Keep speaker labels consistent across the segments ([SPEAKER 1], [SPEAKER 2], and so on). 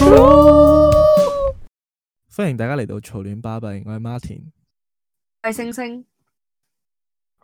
[SPEAKER 1] 啊、歡迎大家嚟到曹戀巴閉，我係 Martin，
[SPEAKER 2] 我係星星，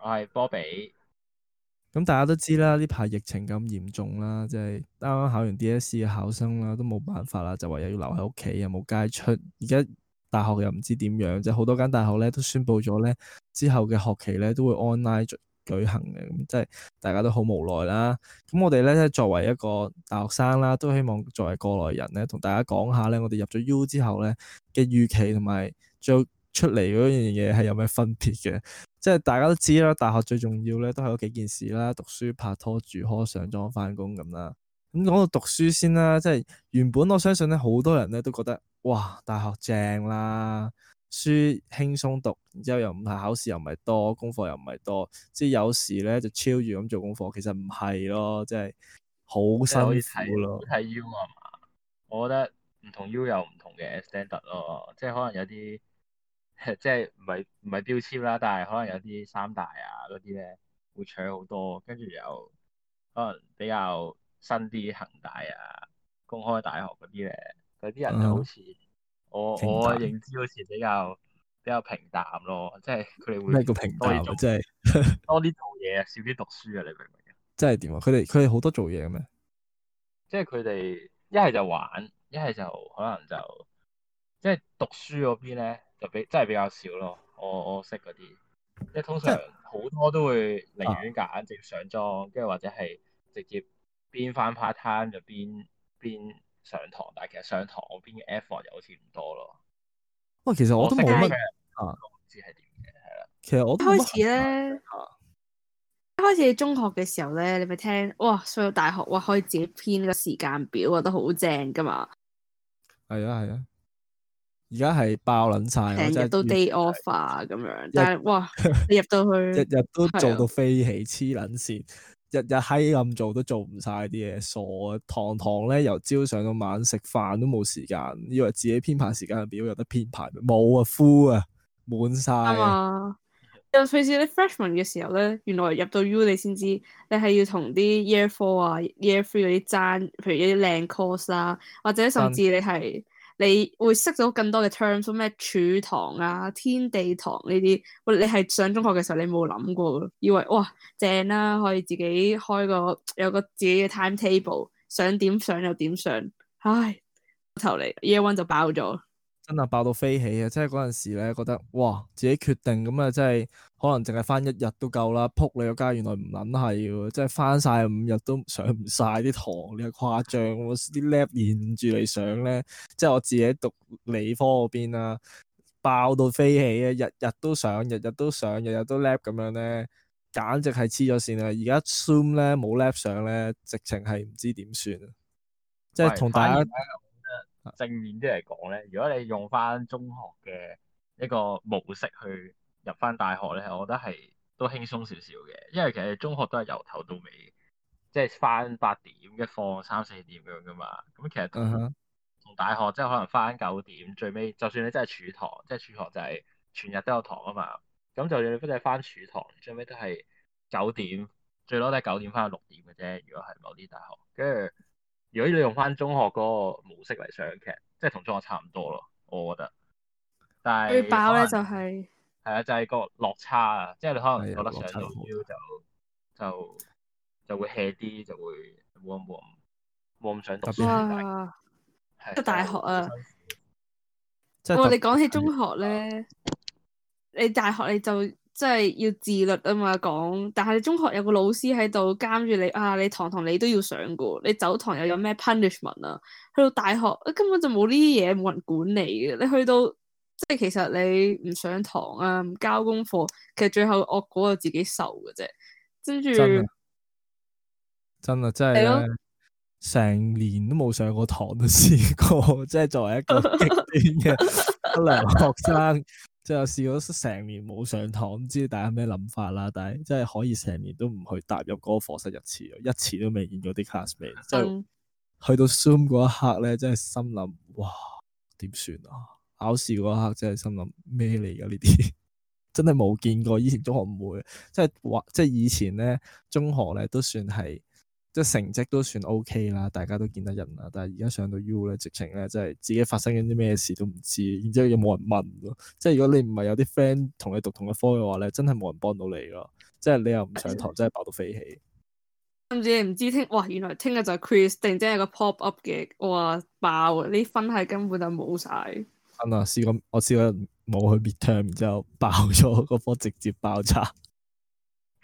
[SPEAKER 3] 我係波比。
[SPEAKER 1] 咁、嗯、大家都知啦，呢排疫情咁嚴重啦，即係啱啱考完 DSE 嘅考生啦，都冇辦法啦，就話又要留喺屋企，又冇街出。而、就是、家大學又唔知點樣，即係好多間大學咧都宣布咗咧之後嘅學期咧都會 online。舉行嘅，咁即係大家都好無奈啦。咁我哋咧作為一個大學生啦，都希望作為過來人咧，同大家講下咧，我哋入咗 U 之後咧嘅預期同埋最後出嚟嗰樣嘢係有咩分別嘅？即係大家都知啦，大學最重要咧都係嗰幾件事啦，讀書、拍拖、住科、上莊、返工咁啦。咁講到讀書先啦，即係原本我相信咧，好多人咧都覺得哇，大學正啦。書輕鬆讀，然之後又唔係考試，又唔係多功課，又唔係多，即係有時咧就 chill 住咁做功課，其實唔係咯，即係好辛苦咯。睇 U 啊
[SPEAKER 3] 嘛？我覺得唔同 U 有唔同嘅 standard 咯，即係可能有啲，即係唔係唔係標籤啦，但係可能有啲三大啊嗰啲咧會搶好多，跟住又可能比較新啲，恒大啊、公開大學嗰啲咧，嗰啲人就好似、嗯。我我認知好似比較比較平淡咯，即係佢哋會多啲做，即係多啲做嘢， 少啲讀書啊！你明唔明？
[SPEAKER 1] 即係點啊？佢哋佢哋好多做嘢嘅咩？
[SPEAKER 3] 即係佢哋一係就玩，一係就可能就即係讀書嗰邊咧，就比真係比較少咯。我我識嗰啲，即係通常好多都會寧願揀直接上莊，跟住、嗯、或者係直接邊返 part time 就邊邊。邊邊上堂，但係其實上堂嗰邊嘅 effort 又好似唔多咯。
[SPEAKER 1] 哇是、啊，其實我都冇乜啊，我唔知係
[SPEAKER 4] 點嘅，係啦。其實我一開始咧，
[SPEAKER 2] 一開始中學嘅時候咧，你咪聽哇，所有大學哇，可以自己編個時間表，覺得都好正噶嘛。
[SPEAKER 1] 係啊係啊，而家係爆捻晒，成日都 day
[SPEAKER 2] off 啊咁的樣。但係日哇，你入到去，日日都做到
[SPEAKER 1] 飛起黐捻線。嗯日日喺咁做都做唔晒啲嘢，傻！啊！堂堂咧由朝上到晚食飯都冇時間，以為自己編排時間表有，有得編排，冇啊 full 啊滿曬、嗯、啊！
[SPEAKER 2] 尤其是你 freshman 嘅時候咧，原來入到 U 你先知，你係要同啲 year four 啊、year three 嗰啲爭，譬如一啲靚 course 啊，或者甚至你係。嗯你會識到更多嘅 terms 咩儲堂啊天地堂呢啲，我你係上中學嘅時候你冇諗過以為哇正啦、啊，可以自己開個有個自己嘅 timetable，想點上就點上，唉頭嚟 year one 就爆咗。
[SPEAKER 1] 真係爆到飛起啊！即係嗰陣時咧，覺得哇，自己決定咁啊，即係可能淨係翻一日都夠啦。撲你個家，原 來唔撚係嘅，即係翻晒五日都上唔晒啲堂，你係誇張喎！啲 lab 連住嚟上咧，即係我自己讀理科嗰邊啊，爆到飛起啊！日日都上，日日都上，日日都 lab 咁樣咧，簡直係黐咗線啊！而家 Zoom 咧冇 lab 上咧，直情係唔知點算啊！即係同大家。
[SPEAKER 3] 正面啲嚟講咧，如果你用翻中學嘅呢個模式去入翻大學咧，我覺得係都輕鬆少少嘅，因為其實中學都係由頭到尾，即係翻八點一課三四點樣噶嘛。咁其實同大學即係可能翻九點，最尾就算你真係儲堂，即係儲堂就係全日都有堂啊嘛。咁就算你乜都係翻儲堂，最尾都係九點，最多都係九點翻到六點嘅啫。如果係某啲大學，跟住。如果你用翻中學嗰個模式嚟上劇，即係同中學差唔多咯，我覺得。但最爆咧就係、是。係啊，就係、是、個落差啊！即係你可能覺得上到 U 就、哎、就就會 hea 啲，就會冇咁冇咁想讀。特別係大學即大學啊！我哋講
[SPEAKER 4] 起中學咧，
[SPEAKER 2] 你大學你就。即係要自律啊嘛，講，但係中學有個老師喺度監住你啊，你堂堂你都要上嘅，你走堂又有咩 punishment 啊？去到大學，啊，根本就冇呢啲嘢，冇人管理嘅。你去到即係其實你唔上堂啊，唔交功課，其實最後惡果係自己受嘅啫。
[SPEAKER 4] 跟住
[SPEAKER 1] 真啊，真係，成，哦，年都冇上過堂都試過，即係作為一個極端嘅不良學生。 即係我試咗成年冇上堂，唔知大家咩諗法啦。但係即係可以成年都唔去踏入嗰個課室一次，一次都未見過啲 classmate，嗯。就去到 Zoom 嗰一刻咧，真係心諗，哇，點算啊？考試嗰一刻真係心諗咩嚟噶？呢啲，啊、真係冇見過。以前中學唔會，即係話，即係以前咧，中學咧都算係。即係成績都算 OK 啦，大家都見得人啦。但係而家上到 U 咧，直情咧即係自己發生緊啲咩事都唔知，然之後又冇人問喎。即係如果你唔係有啲 friend 同你讀同一科嘅話咧，真係冇人幫到你咯。即係你又唔上堂，的真係爆到飛起。
[SPEAKER 2] 甚至唔知聽，哇！原來聽日就係 Chris 定然之間個 pop up 嘅，哇！爆啊！啲分係根本就冇晒。
[SPEAKER 1] 啱啊、嗯！試過我試過冇去 midterm，然之後爆咗嗰科，直接爆炸。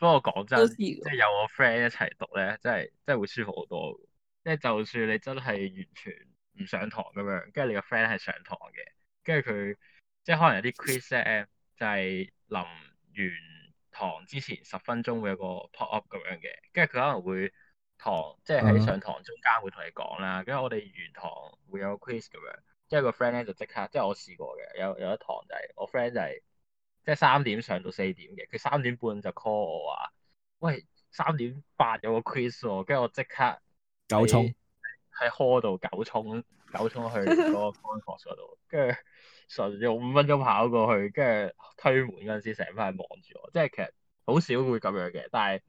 [SPEAKER 3] 不過講真 即，即係有我 friend 一齊讀咧，真係真係會舒服好多。即係就算你真係完全唔上堂咁樣，跟住你個 friend 係上堂嘅，跟住佢即係可能有啲 quiz 咧，就係、是、臨完堂之前十分鐘會有個 pop up 咁樣嘅，跟住佢可能會堂即係喺上堂中間會同你講啦，跟住我哋完堂會有 quiz 咁樣，即係個 friend 咧就即刻，即係我試過嘅，有有一堂就係、是、我 friend 就係、是。即係三點上到四點嘅，佢三點半就 call 我話，喂，三點八有個 quiz 喎。哦，跟住我即刻九衝喺 hall 度九衝九衝去嗰，那個 conference 度，跟住順咗五分鐘跑過去，跟住推門嗰陣時，成班人望住我，即係其實好少會咁樣嘅，但係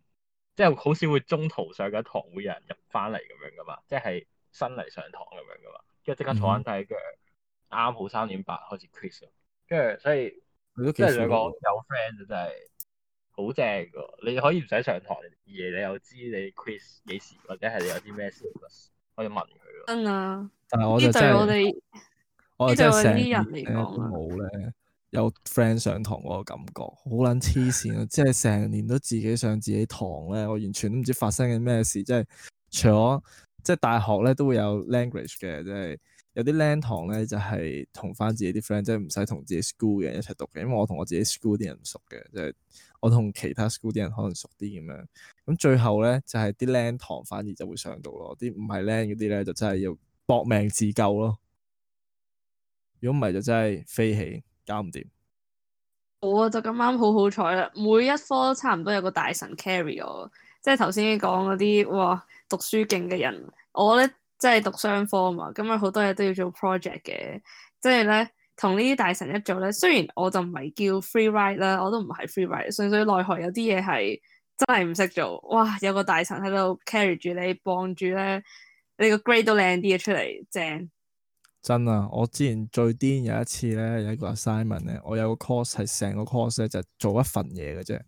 [SPEAKER 3] 即係好少會中途上緊堂會有人入翻嚟咁樣噶嘛，即係新嚟上堂咁樣噶嘛，跟住即刻坐翻低，跟住啱啱、嗯、好三點八開始 quiz，跟住所以。佢即係兩個有 friend 就真係好正㗎，你可以唔使上堂，而你又知你 Chris 幾時或者係你有啲咩事，可以問佢咯。嗯，啊！
[SPEAKER 4] 但係我就即係我哋，我即係成年
[SPEAKER 1] 冇咧，有 friend 上堂嗰個感覺好捻黐線啊！ 即係成年都自己上自己堂咧，我完全都唔知發生緊咩事。即係除咗即係大學咧，都會有 language 嘅，即係。有啲僆堂咧就係同翻自己啲 friend，即係唔使同自己 school 嘅人一齊讀嘅，因為我同我自己 school 啲人唔熟嘅，即係我同其他 school 啲人可能熟啲咁樣。咁最後咧就係啲僆堂反而就會上到咯，啲唔係僆嗰啲咧就真係要搏命自救咯。如果唔係就真係飛起，搞唔掂。
[SPEAKER 2] 我就咁啱好好彩啦，每一科都差唔多有個大神 carry 我，即係頭先你講嗰啲哇，讀書勁嘅人，我咧。即係讀商科啊嘛，咁啊好多嘢都要做 project 嘅，即係咧同呢啲大神一組咧。雖然我就唔係叫 freeride 啦，我都唔係 freeride，純粹內學有啲嘢係真係唔識做。哇，有個大神喺度 carry 住你，幫住咧你個 grade 都靚啲嘅出嚟，正
[SPEAKER 1] 真啊！我之前最癲有一次咧，有一個 assignment 咧，我有個 course 係成個 course 咧就係做一份嘢嘅啫。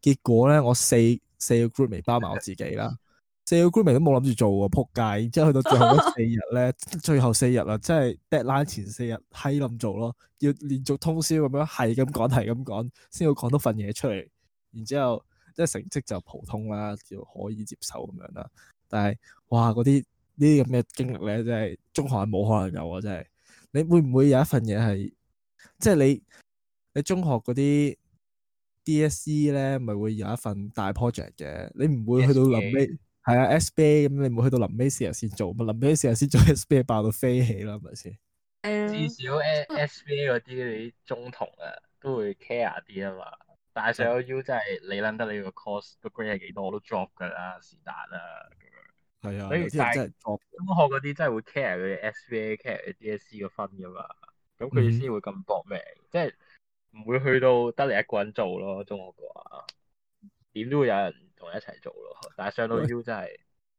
[SPEAKER 1] 結果咧我四四個 group 未包埋我自己啦。 四個 group 都冇諗住做喎，扑街！然之後去到最後嗰四日咧， 最後四日啦，即係 deadline 前四日，嗨咁做咯，要連續通宵咁樣，係咁講，係咁講，先要講到份嘢出嚟。然之後即係成績就普通啦，就可以接受咁樣啦。但係哇，嗰啲呢啲咁嘅經歷咧，即係中學係冇可能有啊！真係，你會唔會有一份嘢係，即係你你中學嗰啲 DSE 咧，咪會有一份大 project 嘅？你唔會去到諗咩？ 係啊，SBA 咁、嗯、你冇去到臨尾四日先做，嘛臨尾四日先做 SBA 爆到飛起啦，係咪先？
[SPEAKER 3] 至少 SBA 嗰啲你中同啊都會 care 啲啊嘛，但係上咗 U 真係你諗得你個 course 個 grade 係幾多，我都 drop 噶啦，是但啦，
[SPEAKER 4] 咁
[SPEAKER 3] 樣。係啊，啊所以真係中學嗰啲真係會 care 你 SBA care 佢 DSE 個分噶嘛，咁佢先會咁搏命，嗯、即係唔會去到得你一個人做咯，中學嘅話，點都會有人。同我一齊做咯，但係上喂作詞
[SPEAKER 1] 到 U 真係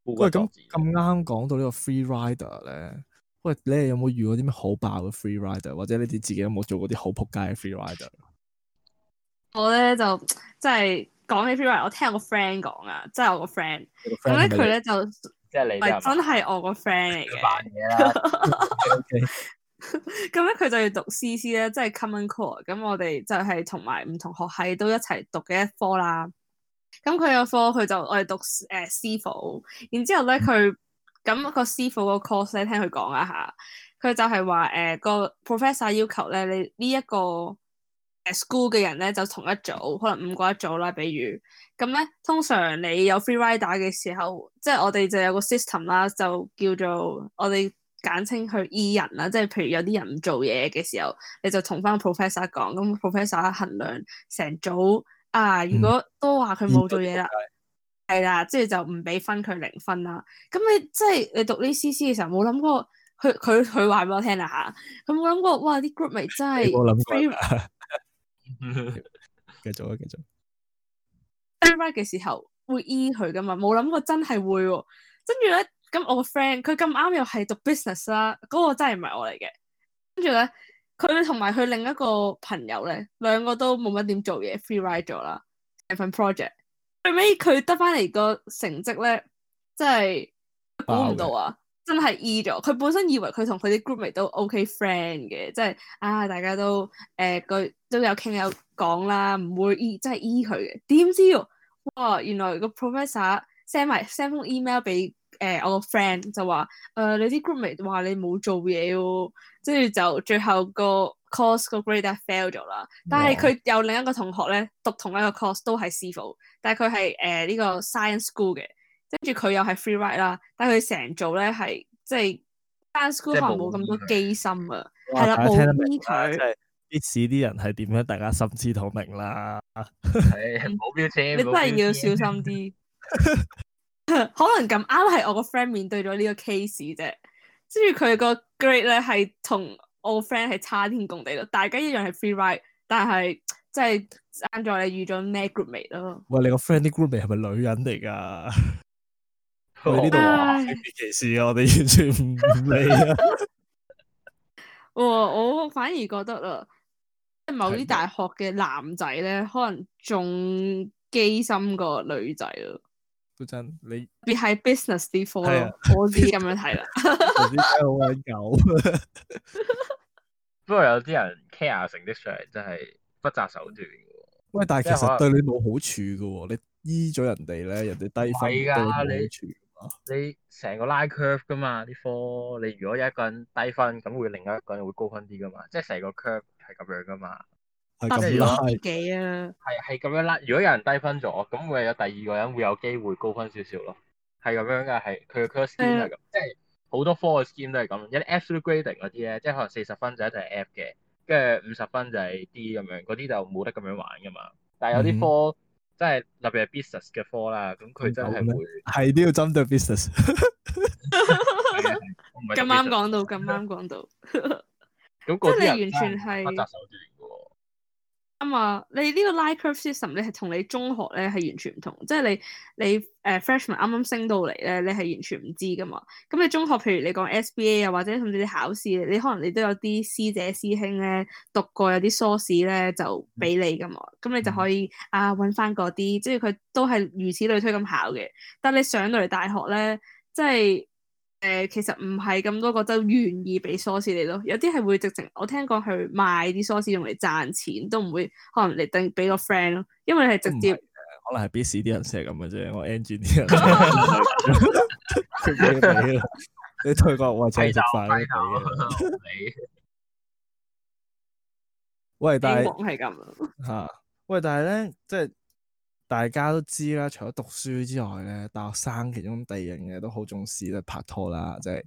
[SPEAKER 1] 喂咁咁啱講到呢個 freerider 咧，喂你哋有冇遇過啲咩好爆嘅 freerider，或者你哋自己有冇做過啲好仆街嘅 freerider？
[SPEAKER 2] 我咧就即係講起 freerider，我聽我個 friend 講啊，即係我個 friend 咁咧佢咧就
[SPEAKER 4] 即係你唔係真
[SPEAKER 2] 係我個 friend 嚟嘅，扮嘢啦。OK，咁咧佢就要讀 CC 咧，即係 common core。咁我哋就係同埋唔同學系都一齊讀嘅一科啦。咁佢有課，佢就我哋讀誒、呃、師傅，然之後咧佢咁個師傅個 course 咧，聽佢講一下，佢就係話誒個 professor 要求咧，你呢一個誒 school 嘅人咧就同一組，可能五個一組啦，比如咁咧，通常你有 free rider 嘅時候，即係我哋就有個 system 啦，就叫做我哋簡稱佢 e 人啦，即係譬如有啲人唔做嘢嘅時候，你就同翻 professor 講，咁、嗯那個、professor 衡量成組。啊！如果都話佢冇做嘢啦，係啦、嗯就是，即係就唔俾分佢零分啦。咁你即係你讀呢 C C 嘅時候冇諗過，過，佢佢佢話俾我聽啦嚇，佢冇諗過哇！啲 group 咪真係我諗過。favorite?
[SPEAKER 5] 繼續啊，繼續。
[SPEAKER 2] Invite 嘅時候會依佢噶嘛，冇諗過真係會喎、啊。跟住咧，咁我個 friend 佢咁啱又係讀 business 啦，嗰、那個真係唔係我嚟嘅。跟住咧。佢同埋佢另一個朋友咧，兩個都冇乜點做嘢，free ride 咗啦成份 project。最尾佢得翻嚟個成績咧，真
[SPEAKER 1] 係估唔到啊！
[SPEAKER 2] 真係 E 咗。佢本身以為佢同佢啲 groupmate 都 OK friend 嘅，即係啊大家都誒佢、呃、都有傾有講啦，唔會 E 即係 E 佢嘅。點知喎原來個 professor send 埋 send 封 email 俾誒、呃、我個 friend 就話誒、呃、你啲 groupmate 話你冇做嘢喎、哦。跟住就最後個 course 個 grade 都 fail 咗啦，但係佢有另一個同學咧讀同一個 course 都係師傅，但係佢係誒呢個 science school 嘅，跟住佢又係 free ride 啦，但係佢成組咧係即係 science school 可能冇咁多機心啊。係啦，
[SPEAKER 1] 冇標誌，Busi 啲人係點樣，大家心知肚明啦，係冇標誌，你真係要小
[SPEAKER 2] 心啲， 可能咁啱係我個 friend 面對咗呢個 case 啫。Grad 跟住佢個 grade e 咧，係同我 friend 係差天共地咯。大家一樣係 free ride，但係即係爭在你遇咗咩 groupmate
[SPEAKER 1] 咯？喂，你個 friend 啲 groupmate 係咪女人嚟噶？喺呢度話你歧視我哋，完全唔理
[SPEAKER 4] 啊！
[SPEAKER 2] 我反而覺得啦，即係某啲大學嘅男仔咧，可能仲機心過女仔啊。
[SPEAKER 1] 嗰陣你，
[SPEAKER 2] 別係 business 啲科咯，我自己咁樣睇啦。我知
[SPEAKER 4] 好
[SPEAKER 1] 難教，
[SPEAKER 3] 不過有啲人 care 成績上嚟真係不擇手段嘅。
[SPEAKER 1] 喂，但係其實對你冇好處嘅能、 啊，你醫咗人哋咧，人哋低分。噶，你
[SPEAKER 3] 你成個 line curve 噶嘛？啲科你如果有一個人低分，咁會另外一個人會高分啲噶嘛？即係成個 curve 係咁樣噶嘛？得嚟係係咁樣啦。如果有人低分咗，咁會有第二個人會有機會高分少少咯。係咁樣噶，係佢嘅 course scheme 係咁，即係好多科嘅 scheme 都係咁。有啲 absolute grading 嗰啲咧，即係可能四十分就一定係 app 嘅，跟住五十分就係 D 咁樣，嗰啲就冇得咁樣玩噶嘛。但係有啲科，即係特別係 business 嘅科啦，咁
[SPEAKER 1] 佢真係會係都要針對 business。咁啱
[SPEAKER 2] 講到，咁啱講到，
[SPEAKER 1] 咁個即係完全係。
[SPEAKER 2] 啊嘛、嗯，你呢個 life system 你係同你中學咧係完全唔同，即係你你誒 freshman 啱啱升到嚟咧，你係完全唔知噶嘛。咁你中學譬如你講 SBA 啊，或者甚至你考試，你可能你都有啲師姐師兄咧讀過有啲 source 咧就俾你噶嘛，咁你就可以、嗯、啊搵翻嗰啲，即係佢都係如此類推咁考嘅。但你上到嚟大學咧，即係。誒，其實唔係咁多個州願意俾梳士你咯，有啲係會直情，我聽過去賣啲梳士用嚟賺錢，都唔會可能嚟等俾個 friend 咯，因為你係直接，
[SPEAKER 1] 可能係 Busi 啲人成咁嘅啫，我 Eng 啲人，直你退個我請食飯啦，你，喂但係係咁吓，喂但係咧即係。大家都知啦，除咗讀書之外咧，大學生其中地形嘅都好重視咧，拍拖啦，即係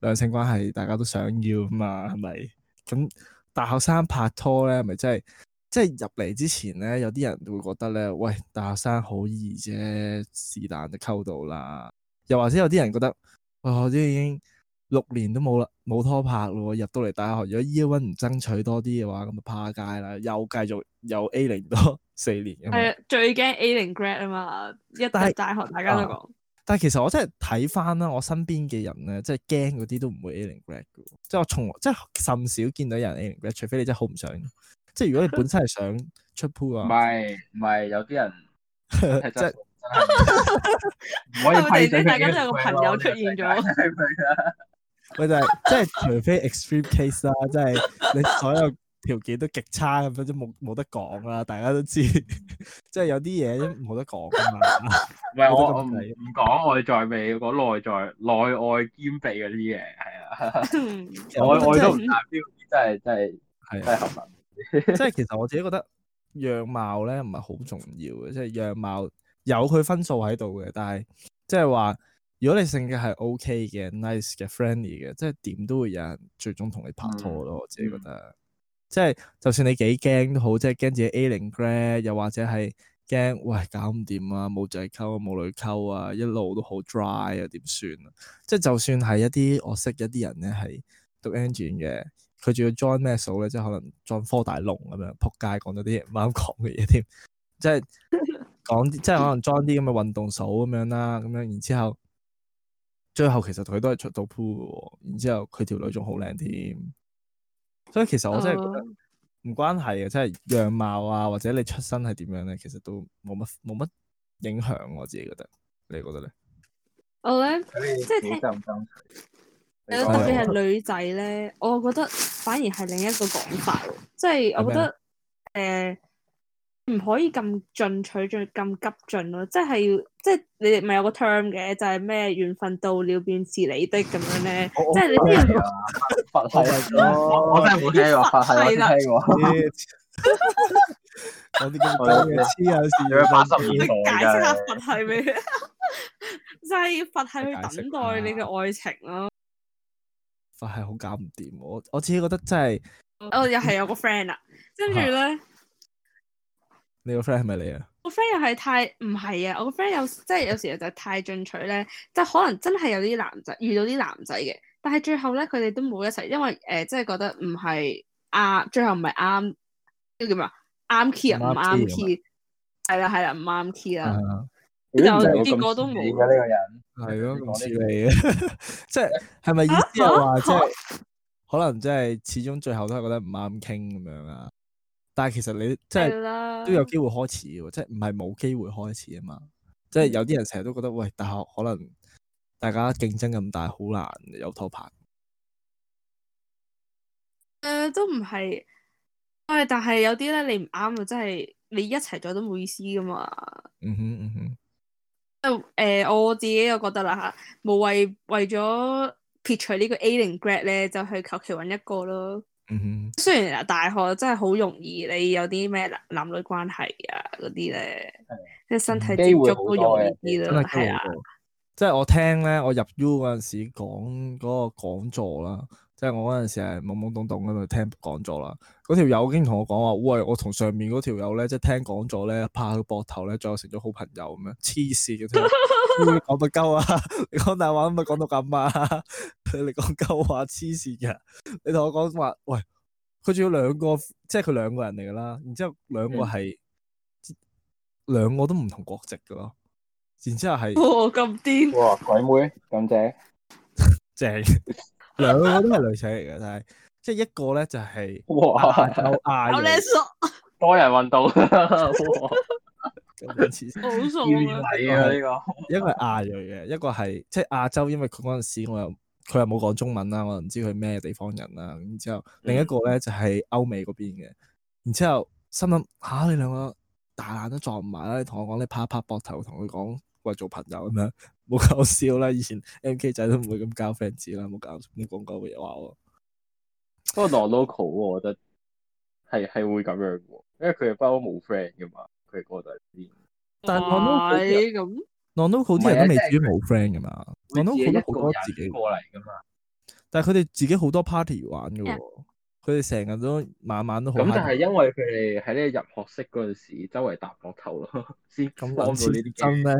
[SPEAKER 1] 兩 性關係，大家都想要啊嘛，係咪，嗯？咁大學生拍拖咧，係咪真係即係入嚟之前咧，有啲人會覺得咧，喂，大學生好易啫，啊，是但都溝到啦，又或者有啲人覺得，我都已經。六年都冇啦，冇拖拍咯。入到嚟大學，如果 year one 唔爭取多啲嘅話，咁就趴街啦。又繼續有 A 零多四年，係
[SPEAKER 2] 最驚 A 零 grad 啊嘛！一大大學，大家都講、
[SPEAKER 1] 啊。但係其實我真係睇翻啦，我身邊嘅人咧、即係即係，即係驚嗰啲都唔會 A 零 grad 嘅。即係我從即係甚少見到有人 A 零 grad，除非你真係好唔想。即係如果你本身係想出 pool 啊，唔係
[SPEAKER 3] 唔係有啲人即係唔可以派啫。大家都有個朋友出現咗。
[SPEAKER 1] 喂，就係、是，即係除非 extreme case 啦，即係你所有條件都極差咁樣，都冇冇得講啦。大家都知，即 係有啲嘢都冇得講㗎嘛。唔係我我唔
[SPEAKER 3] 講外在美，講內在內外兼備嗰啲嘢係啊。 我外都唔達標，真係真係係啊，係黑文。
[SPEAKER 1] 即 係其實我自己覺得樣貌咧唔係好重要嘅，即、就、係、是、樣貌有佢分數喺度嘅，但係即係話。如果你性格係 OK 嘅、nice 嘅、friendly 嘅，即係點都會有人最終同你拍拖咯。嗯、我自己覺得，嗯、即係就算你幾驚都好，即係驚自己 A 零 grad，又或者係驚喂搞唔掂啊，冇仔溝啊，冇女溝啊，一路都好 dry 啊，點算啊？即係就算係一啲我識一啲人咧，係讀 engine 嘅，佢仲要 join 咩數咧？即係可能 join 科大龍咁樣，仆街講咗啲唔啱講嘅嘢添，即係講 即係可能 join 啲咁嘅運動數咁樣啦，咁樣然之後。最後其實佢都係出到 pool 嘅，然之後佢條女仲好靚添，所以其實我真係覺得唔、oh. 關係嘅，即係樣貌啊或者你出身係點樣咧，其實都冇乜冇乜影響。我自己覺得，你覺得咧？
[SPEAKER 4] 我咧，即係
[SPEAKER 1] 聽特別係女
[SPEAKER 2] 仔咧，我覺得反而係另一個講法，即係我覺得誒。麼唔可以咁進取，最咁急進咯，即係要，即係你哋咪有個 term 嘅，就係咩緣分到了便是你的咁樣咧，即係你啲人
[SPEAKER 4] 佛系，我真係冇聽過，佛系冇聽過，有
[SPEAKER 1] 啲咁多嘢，黐啊！你解釋下
[SPEAKER 5] 佛系
[SPEAKER 2] 咩？即係佛系去等待你嘅愛情咯。
[SPEAKER 1] 佛系好搞唔掂，我我自己覺得真
[SPEAKER 2] 係，我又係有個 friend 啦，跟住咧。
[SPEAKER 1] 你個 friend 係咪你啊？我
[SPEAKER 2] 個 friend 又係太唔係啊！我個 friend 有即係有時候就太進取咧，即係可能真係有啲男仔遇到啲男仔嘅，但係最後咧佢哋都冇一齊，因為誒即係覺得唔係啱，最後唔係啱，叫咩？啊？啱 key 啊？唔啱 key，係啦係啊唔
[SPEAKER 4] 啱 key 啦，就結果都冇。而呢個
[SPEAKER 1] 人係咯，唔似你啊，即係係咪意思係話即係可能即係始終最後都係覺得唔啱傾咁樣啊？但係其實你即係都有機會開始嘅，的即係唔係冇機會開始啊嘛！嗯、即係有啲人成日都覺得喂，大學可能大家競爭咁大，好難有拖拍。
[SPEAKER 2] 誒、呃，都唔係，誒，但係有啲咧你唔啱啊，即係你一齊咗都冇意思噶嘛嗯。嗯
[SPEAKER 5] 哼
[SPEAKER 2] 嗯哼。誒、呃，我自己又覺得啦吓，無謂為為咗撇除呢個 A 零 grade 咧，就去求其搵一個咯。嗯哼，雖然啊，大學真係好容易，你有啲咩男女關係啊嗰啲咧，即係的身體接觸都容易啲
[SPEAKER 1] 啦。真係啊，的即係我聽咧，我入 U 嗰陣時講嗰個講座啦。即係我嗰陣時係懵懵懂懂咁就聽講咗啦，嗰條友已經同我講話，喂，我同上面嗰條友咧，即係聽講咗咧，拍佢膊頭咧，最後成咗好朋友咁樣，黐線嘅，講乜鳩啊？你講大話咁咪講到咁啊？你講鳩話黐線嘅，你同我講話，喂，佢仲有兩個，即係佢兩個人嚟噶啦，然之後兩個係、嗯、兩個都唔同國籍嘅咯，然之後係哇咁癲，哇鬼妹咁正 正。 兩 個都係類似嚟嘅，但係即係一個咧就係哇，亞洲，亞洲 多人運動，好傻啊！要禮啊呢個，一個係亞裔嘅， 一個係即係亞洲，因為佢嗰陣時我又佢又冇講中文啦，我又唔知佢咩地方人啦。然之後、嗯、另一個咧就係歐美嗰邊嘅，然之後心諗吓、啊、你兩個大眼都撞唔埋啦，你同我講你拍一拍膊頭同佢講。為做朋友咁樣，冇搞笑啦！以前 M K 仔都唔會咁交 friend 子啦，冇搞，你講嘅嘢話我。不過 non
[SPEAKER 3] local 我覺得
[SPEAKER 1] 係係會咁樣，因
[SPEAKER 3] 為佢哋包冇 friend 噶嘛，佢哋哥仔啲。但係
[SPEAKER 1] non local 啲人都未至於冇 friend 噶嘛，non local 都好多自己，自己過嚟噶嘛。但係佢哋自己好多 party 玩噶。Yeah. 佢哋成日都晚晚都好。咁就係因為佢哋
[SPEAKER 3] 喺呢入學式嗰陣時，周圍搭膊頭咯，先幫到呢啲嘅。真咩？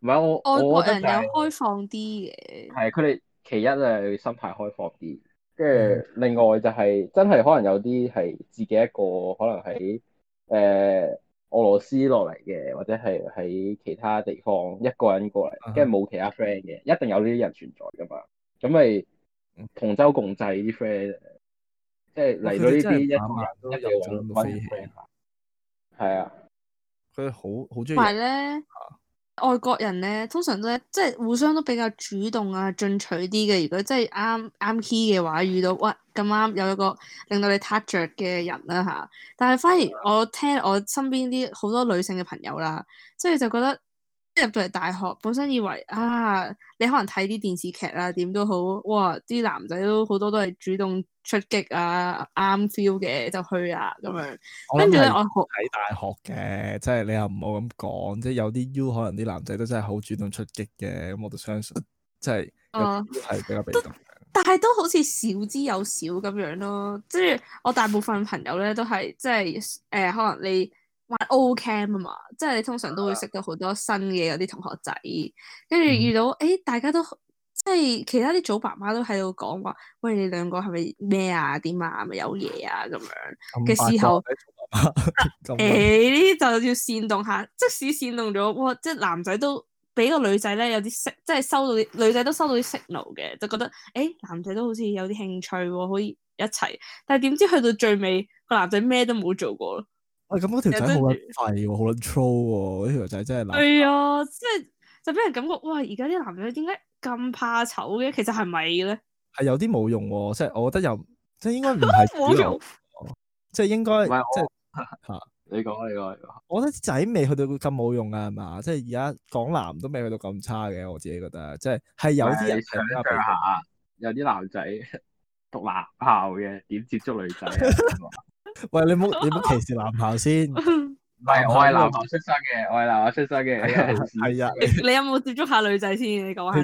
[SPEAKER 3] 唔係我，外國我、就是、人有
[SPEAKER 2] 開放啲
[SPEAKER 3] 嘅。係佢哋其一咧，心態開放啲。跟住另外就係、是、真係可能有啲係自己一個，可能喺誒、呃、俄羅斯落嚟嘅，或者係喺其他地方一個人過嚟，跟住冇其他 friend 嘅，一定有呢啲人存在㗎嘛。咁咪同舟共濟啲 friend。即係嚟到呢邊， 一個都一個玩到飛起係啊，佢好好中意。同
[SPEAKER 5] 埋
[SPEAKER 2] 咧，呢 外國人咧，通常咧，即係互相都比較主動啊，進取啲嘅。如果真係啱啱 key 嘅話，遇到哇咁啱有一個令到你 touch 嘅人啦，啊，吓，但係反而我聽我身邊啲好多女性嘅朋友啦，即係就覺得。一入到嚟大學，本身以為啊，你可能睇啲電視劇啊，點都好，哇！啲男仔都好多都係主動出擊啊，啱 feel 嘅就去啊咁樣。
[SPEAKER 1] 跟住咧，我喺大學嘅、嗯，即係你又唔好咁講，即係有啲 U 可能啲男仔都真係好主動出擊嘅，咁我都相信，即係係、哦、比較被動。但
[SPEAKER 2] 係都好似少之又少咁樣咯，即係我大部分朋友咧都係即係誒、呃，可能你。玩 Ocam 啊嘛，cam，即係你通常都會識到好多新嘅有啲同學仔，跟住遇到誒、嗯欸，大家都即係其他啲組爸媽都喺度講話，喂，你兩個係咪咩啊？點啊？係咪有嘢啊？咁樣嘅時候，
[SPEAKER 5] 誒， 欸、
[SPEAKER 2] 呢啲就要煽動下，即使煽動咗，哇，即係男仔都俾個女仔咧有啲 s 即係收到啲女仔都收到啲 signal 嘅，就覺得誒、欸，男仔都好似有啲興趣，可以一齊，但係點知去到最尾個男仔咩都冇做
[SPEAKER 3] 過咯。
[SPEAKER 1] 我感覺條仔好卵好卵 t r 喎，嗰條仔真係難。係
[SPEAKER 2] 啊，即係就俾、是、人感覺，哇！而家啲男仔點解咁怕醜嘅？其實係咪咧？
[SPEAKER 1] 係有啲冇用，即、就、係、是、我覺得又即係應該唔係即係應該唔係吓你講啊，你講。你我覺得仔未去到咁冇用啊，係嘛？即係而家港男都未去到咁差嘅，我自己覺得，即係係有啲下，有啲男仔讀男校嘅，點接觸女仔喂，你唔好你唔好歧視男校先，唔係 是孩我係男校出生嘅，我係男校出生嘅。係啊。哎、呀
[SPEAKER 2] 你有冇接觸下女仔先？你講、啊、男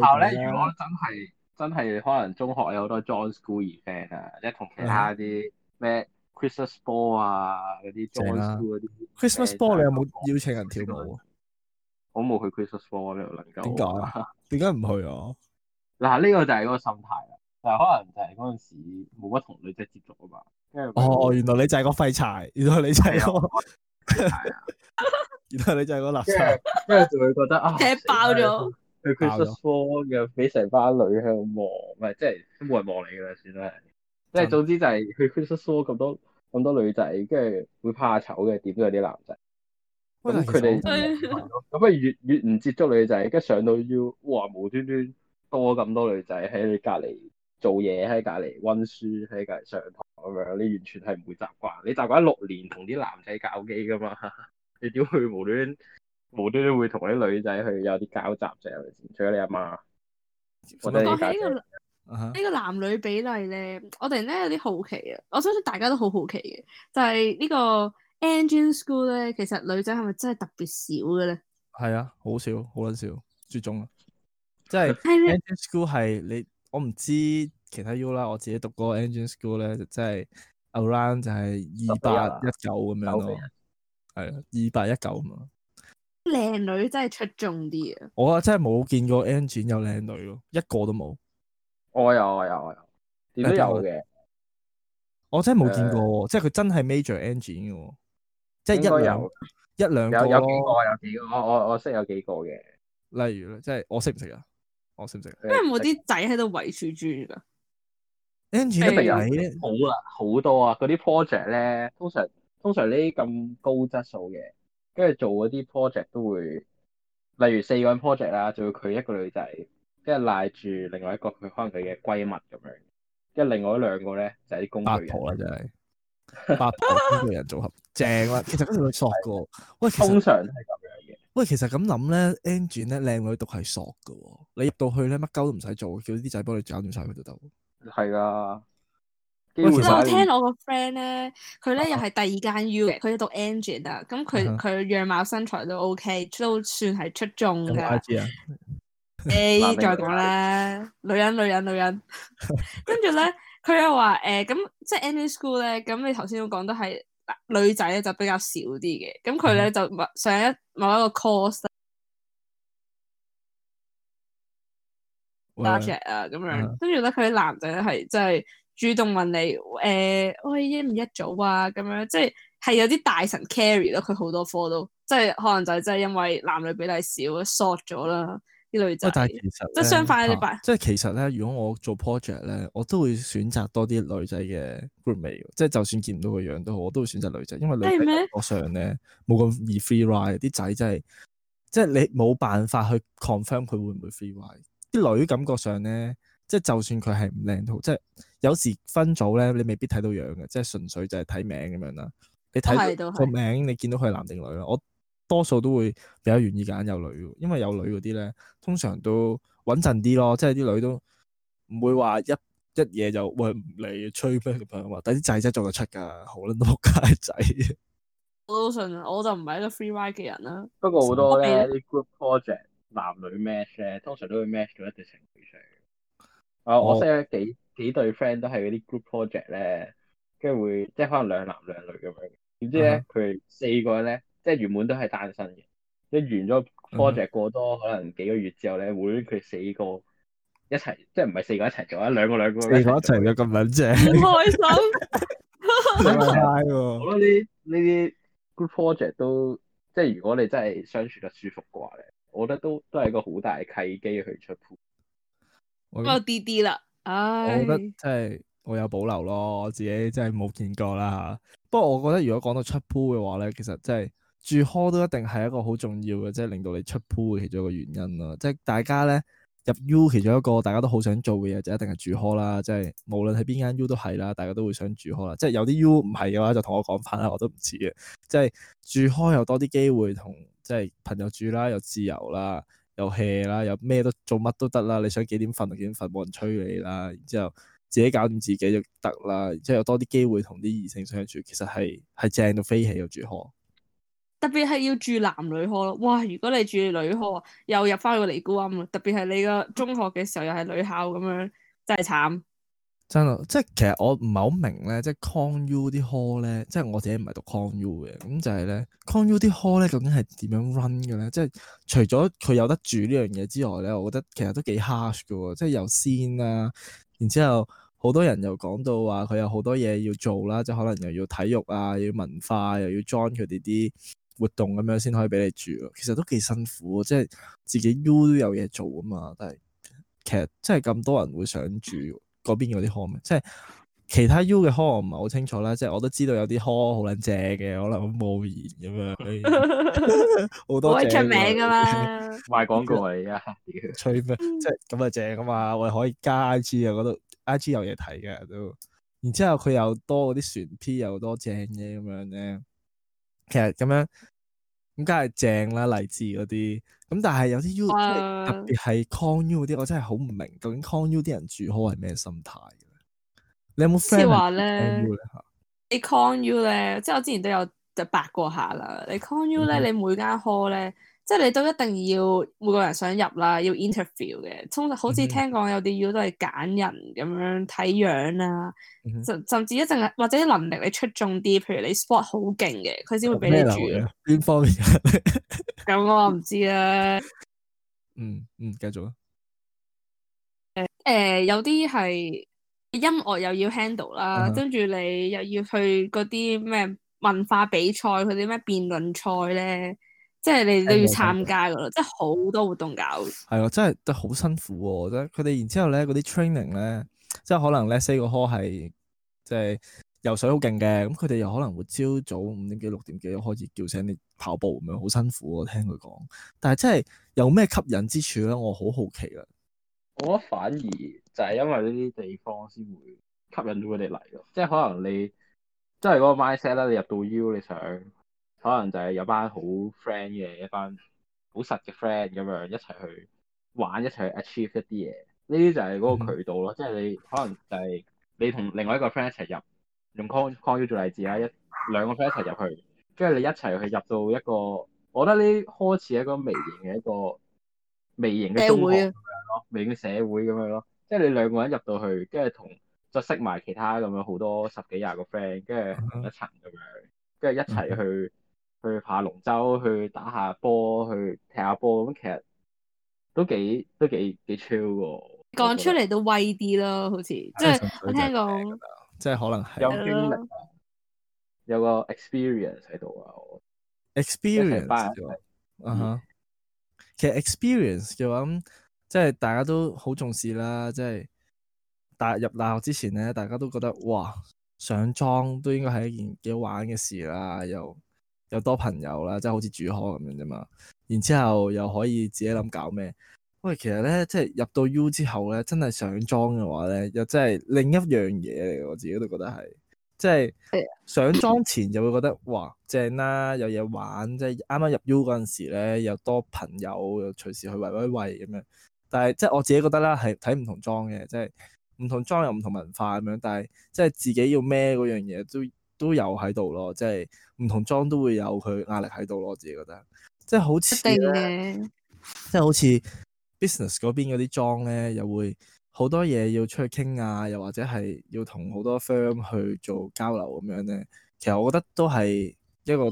[SPEAKER 2] 校咧，如果
[SPEAKER 1] 真係真係
[SPEAKER 3] 可能中學有好多 Joint School 嘅 friend 啊，即係同其他啲咩 Christmas Ball 啊嗰啲，、嗯、Joint School 嗰啲，、啊啊、Christmas Ball，、
[SPEAKER 1] 那個，你有冇邀請人跳舞？我冇去 Christmas Ball，能夠點解？點解唔去啊？嗱、
[SPEAKER 3] 呢、啊，這個就係嗰個心態啦，但可能就係嗰陣時冇乜同女仔接觸啊嘛。嗯、
[SPEAKER 1] 哦，原來你就係個廢柴，原來你就係、個，
[SPEAKER 3] 原來你就係個垃圾，跟住就會覺得 啊踢爆咗了，去 Christmas Ball 又俾成班女喺度望，唔係即係都冇人望你噶啦，算啦。即係總之就係去 Christmas Ball 咁多咁多女仔，跟住會怕醜嘅點都有啲男仔，咁佢哋咁啊越越唔接觸女仔，跟上到 U 哇，無端端,端多咁多女仔喺你隔籬。做嘢喺隔籬温書，喺隔籬上堂咁樣，你完全係唔會習慣。你習慣六年同啲男仔搞基噶嘛？你點會無端無端會同啲女仔去有啲交集啫？係咪先？除咗你阿媽，我覺得呢個
[SPEAKER 1] 呢個
[SPEAKER 2] 男女比例咧，我突然咧有啲好奇啊！我相信大家都好好奇嘅，就係呢個 engine school 咧，其實女仔係咪真係特別少嘅咧？
[SPEAKER 1] 係啊，好少，好撚少，絕種啊！即係 engine school 係你。我唔知其他 U 啦，我自己讀嗰個 engine school 咧，就真係 around 就係二八一九咁樣咯，係啊了，二八一九咁
[SPEAKER 2] 樣。靚女真係出眾啲啊！
[SPEAKER 1] 我真係冇見過 engine 有靚女咯，一個都冇。我有，我
[SPEAKER 3] 有，我有，點都有嘅。
[SPEAKER 1] 我真係冇見過，的即係佢真係 major engine 嘅，即係一兩有一兩個有，有幾個，有幾個，我我我識有幾個嘅。例如，即係我識唔識啊？我識唔識？因為我啲
[SPEAKER 2] 仔喺度圍樹
[SPEAKER 3] 轉
[SPEAKER 1] 噶，跟住咧好啊，好多啊，嗰啲 project 咧，通
[SPEAKER 3] 常通常呢啲咁高質素嘅，跟住做嗰啲 project 都會，例如四個人 project 啦，仲要佢一個女仔，跟住賴住另外一個佢可能佢嘅閨蜜咁樣，跟住另外兩個咧就係啲工具人
[SPEAKER 1] 啦，真係八個人組合 正啦，啊，其實佢索過，喂，通常係咁。喂，其實咁諗咧，engine 咧，靚女讀係索噶，你入到去咧，乜鳩都唔使做，叫啲仔幫你搞掂晒佢就得。係啊，我聽我
[SPEAKER 2] 個 friend 咧，佢咧又係第二間 U 嘅，佢、啊、哈讀 engine 啊，咁佢佢樣貌身材都 OK，都算係出眾噶。知啊，誒，再
[SPEAKER 4] 講啦
[SPEAKER 2] 女人女人女人， 跟住咧，佢又話誒，咁、呃、即係 engine school 咧，咁你頭先都講得係。
[SPEAKER 4] 女仔咧就比較少啲嘅，咁佢咧就上一某一個 course budget 啊咁樣，跟住咧
[SPEAKER 2] 佢啲男仔咧係即係主動問你誒，喂，一唔一組啊咁樣，即係係有啲大神 carry 咯，佢好多科都即係可能就係即係因為男女比例少 short 咗啦。女但係其即係雙快一即
[SPEAKER 1] 係其實咧，如果我做 project 咧，我都會選擇多啲女仔嘅 group 嚟嘅，即係就算見唔到個樣都好，我都會選擇女仔，因為女仔個相咧冇咁易 free ride。啲仔真係，即係你冇辦法去 confirm 佢會唔會 free ride。啲女感覺上咧，即係就算佢係唔靚都好，即係有時分組咧，你未必睇到樣嘅，即係純粹就係睇名咁樣啦。你睇到個名，你到名，你見到佢係男定女咯。我多數都會比較願意揀有女嘅，因為有女嗰啲咧，通常都穩陣啲咯，即係啲女都唔會話一一嘢就喂唔嚟吹咩咁樣話，但啲仔仔做得出噶好啦，都仆街仔。
[SPEAKER 2] 我都信，我就唔係一個 free ride 嘅人啦。不過
[SPEAKER 3] 好多咧啲 group project，男女 match 咧，通常都會 match 到一對情侶上嘅。啊、呃，oh. 我識幾幾對 friend 都係嗰啲 group project 咧，跟住會即係可能兩男兩女咁樣，點知咧佢哋四個人咧。Huh. 即係原本都係單身嘅，即係完咗 project 過多、嗯、可能幾個月之後咧，會佢四個一齊，即係唔係四個一齊做啊，兩個兩個四個一
[SPEAKER 1] 齊嘅，咁撚正，
[SPEAKER 3] 好開心。 我覺得呢呢啲 group project 都即係如果你真係相處得舒服嘅話咧，我覺得都都係個好大嘅契機去出 pool。
[SPEAKER 1] 我
[SPEAKER 2] D D 啦，
[SPEAKER 5] 唉，我覺得即
[SPEAKER 1] 係我有保留咯，我自己真係冇見過啦吓、啊。不過我覺得如果講到出 pool 嘅話咧，其實真係。住 hall 都一定係一個好重要嘅，即係令到你出 Pool 嘅其中一個原因啦。即係大家咧入 U 其中一個大家都好想做嘅嘢就一定係住 hall 啦。即係無論係邊間 U 都係啦，大家都會想住 hall 啦。即係有啲 U 唔係嘅話就同我講翻啦，我都唔知嘅。即係住 hall 又多啲機會同即係朋友住啦，又自由啦，又 hea 啦，又咩都做乜都得啦。你想幾點瞓就幾點瞓，冇人催你啦。然之後自己搞掂自己就得啦。即係有多啲機會同啲異性相處，其實係係正到飛起嘅住 hall。
[SPEAKER 2] 特別係要住男女 hall 咯，哇！如果你住女 hall，又入翻個尼姑庵啊！特別係你個中學嘅時候又係女校咁樣，真係
[SPEAKER 1] 慘。真啊，即係其實我唔係好明咧，即係 Con U 啲 hall 咧，即係我自己唔係讀 Con U 嘅，咁就係咧 Con U 啲 hall 咧究竟係點樣 run 嘅咧？即係除咗佢有得住呢樣嘢之外咧，我覺得其實都幾 hard 嘅喎，即係又先啊，然之後好多人又講到話佢有好多嘢要做啦，即係可能又要體育啊，要文化啊，又要 join 佢哋啲。活動咁樣先可以俾你住咯，其實都幾辛苦，即係自己 U 都有嘢做啊嘛。但係其實真係咁多人會想住嗰邊嗰啲 hall，即係其他 U 嘅 hall 唔係好清楚啦。即係我都知道有啲 hall 好撚正嘅，可能好冒言咁樣，
[SPEAKER 3] 好多是。 可以出名噶嘛，賣廣告嚟
[SPEAKER 1] 而吹咩？即係咁啊正啊嘛，我哋可以加 I G 啊嗰度，I G 有嘢睇嘅都。然之後佢又多嗰啲船 P 又多正嘢咁樣咧，其實咁樣。咁梗係正啦，勵志嗰啲。咁但係有啲 U，哇即特別係 Con U 嗰啲，我真係好唔明，究竟 Con U 啲人住 hall 係咩心態？你有冇即係話咧？你
[SPEAKER 2] Con U 咧，即係我之前都有就白過下啦。你 Con U 咧，嗯、你每間 hall 咧。即係你都一定要每個人想入啦，要 interview 嘅，通常好似聽講、嗯、哼有啲要都係揀人咁樣睇樣啊，甚、嗯、哼甚至一陣或者能力你出眾啲，譬如你 sport 好勁嘅，佢先會俾你住。
[SPEAKER 1] 邊方面？
[SPEAKER 2] 咁我唔知啦。
[SPEAKER 1] 嗯嗯哼，繼續
[SPEAKER 2] 啦。誒誒，有啲係音樂又要 handle 啦，跟住你又要去嗰啲咩文化比賽，嗰啲咩辯論賽咧。即係你都要參加噶咯，即係好多活動搞。
[SPEAKER 1] 係啊，真係都好辛苦喎！真係佢哋然之後咧，嗰啲 training 咧，即係可能 let's say 個科係即係游水好勁嘅，咁佢哋又可能會朝早五點幾六點幾開始叫醒你跑步，咁咪好辛苦喎、啊！聽佢講，但係真係有咩吸引之處咧？我好好奇啦。
[SPEAKER 3] 我覺得反而就係因為呢啲地方先會吸引到佢哋嚟咯，即係可能你即係嗰個 mindset 啦，你入到 U 你想。可能就係有班好 friend 嘅一班好實嘅 friend 咁樣一齊去玩，一齊去 achieve 一啲嘢。呢啲就係嗰個渠道咯。嗯、即係你可能就係你同另外一個 friend 一齊入，用 call call you 做例子啦。一兩個 friend 一齊入去，跟住你一齊去入到一個，我覺得呢開始係一個微型嘅一個微型嘅中學
[SPEAKER 4] 咁樣
[SPEAKER 3] 咯，微型嘅社會咁、啊、樣咯。即係你兩個人入到去，跟住同就識埋其他咁樣好多十幾廿個 friend，跟住一層咁樣，跟住一齊去。嗯去爬龍舟，去打下波，去踢下波，咁其實都幾都幾幾 c 講出嚟，
[SPEAKER 2] 都威啲咯，好
[SPEAKER 1] 似
[SPEAKER 4] 即係是聽講，
[SPEAKER 3] 即係可能係有經
[SPEAKER 4] 歷，
[SPEAKER 3] 有個 experience 喺度啊。
[SPEAKER 1] experience 啊哈，其實 experience 嘅話即係大家都好重視啦。即係大入大學之前咧，大家都覺得哇，上妝都應該係一件幾好玩嘅事啦，又。又多朋友啦，即係好似煮湯咁樣啫嘛。然之後又可以自己諗搞咩？喂，其實咧，即係入到 U 之後咧，真係上莊嘅話咧，又真係另一樣嘢嚟。我自己都覺得係，即係上莊前就會覺得哇正啦，啊，有嘢玩。即係啱啱入 U 嗰陣時咧，又多朋友，又隨時去喂喂喂咁樣。但係即係我自己覺得啦，係睇唔同莊嘅，即係唔同莊有唔同文化咁樣。但係即係自己要孭嗰樣嘢都。都有喺度咯，即係唔同莊都會有佢壓力喺度咯。我自己覺得，即係好似，定即係好似 business 嗰邊嗰啲莊咧，又會好多嘢要出去傾啊，又或者係要同好多 firm 去做交流咁樣咧。其實我覺得都係一個。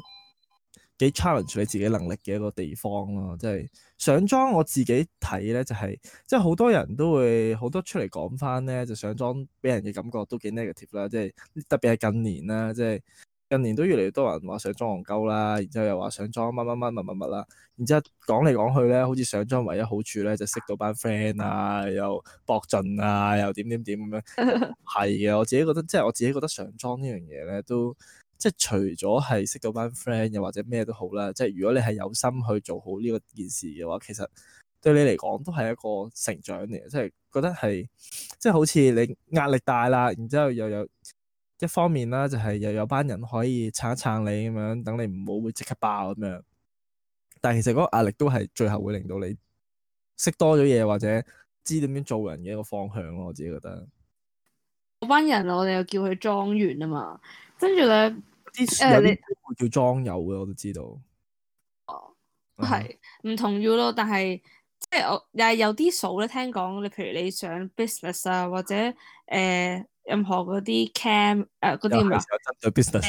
[SPEAKER 1] 幾 challenge 你自己能力嘅一個地方咯，即係上莊我自己睇咧，就係即係好多人都會好多出嚟講翻咧，就上莊俾人嘅感覺都幾 negative 啦，即係特別係近年啦，即係近年都越嚟越多人話上莊戇鳩啦，然之後又話上莊乜乜乜乜乜乜啦，然之後講嚟講去咧，好似上莊唯一好處咧就識到班 friend 啊，又搏盡啊，又點點點咁樣係嘅， 我自己覺得即係我自己覺得上莊呢樣嘢咧都。即係除咗係識到班 friend 又或者咩都好啦，即係如果你係有心去做好呢個件事嘅話，其實對你嚟講都係一個成長嚟嘅，即係覺得係即係好似你壓力大啦，然之後又有一方面啦，就係又有班人可以撐一撐你咁樣，等你唔好會即刻爆咁樣。但係其實嗰個壓力都係最後會令到你識多咗嘢或者知點樣做人嘅一個方向咯，我自己覺得。
[SPEAKER 2] 嗰班人我哋又叫佢莊園啊嘛，跟住咧。
[SPEAKER 1] 啲誒，你要裝油嘅，我都知道。
[SPEAKER 2] 哦，係唔、uh huh. 同要咯，但係即係我又係有啲數咧。聽講你，譬如你想 business 啊，或者誒、呃、任何嗰啲 camp 誒、呃、嗰啲打，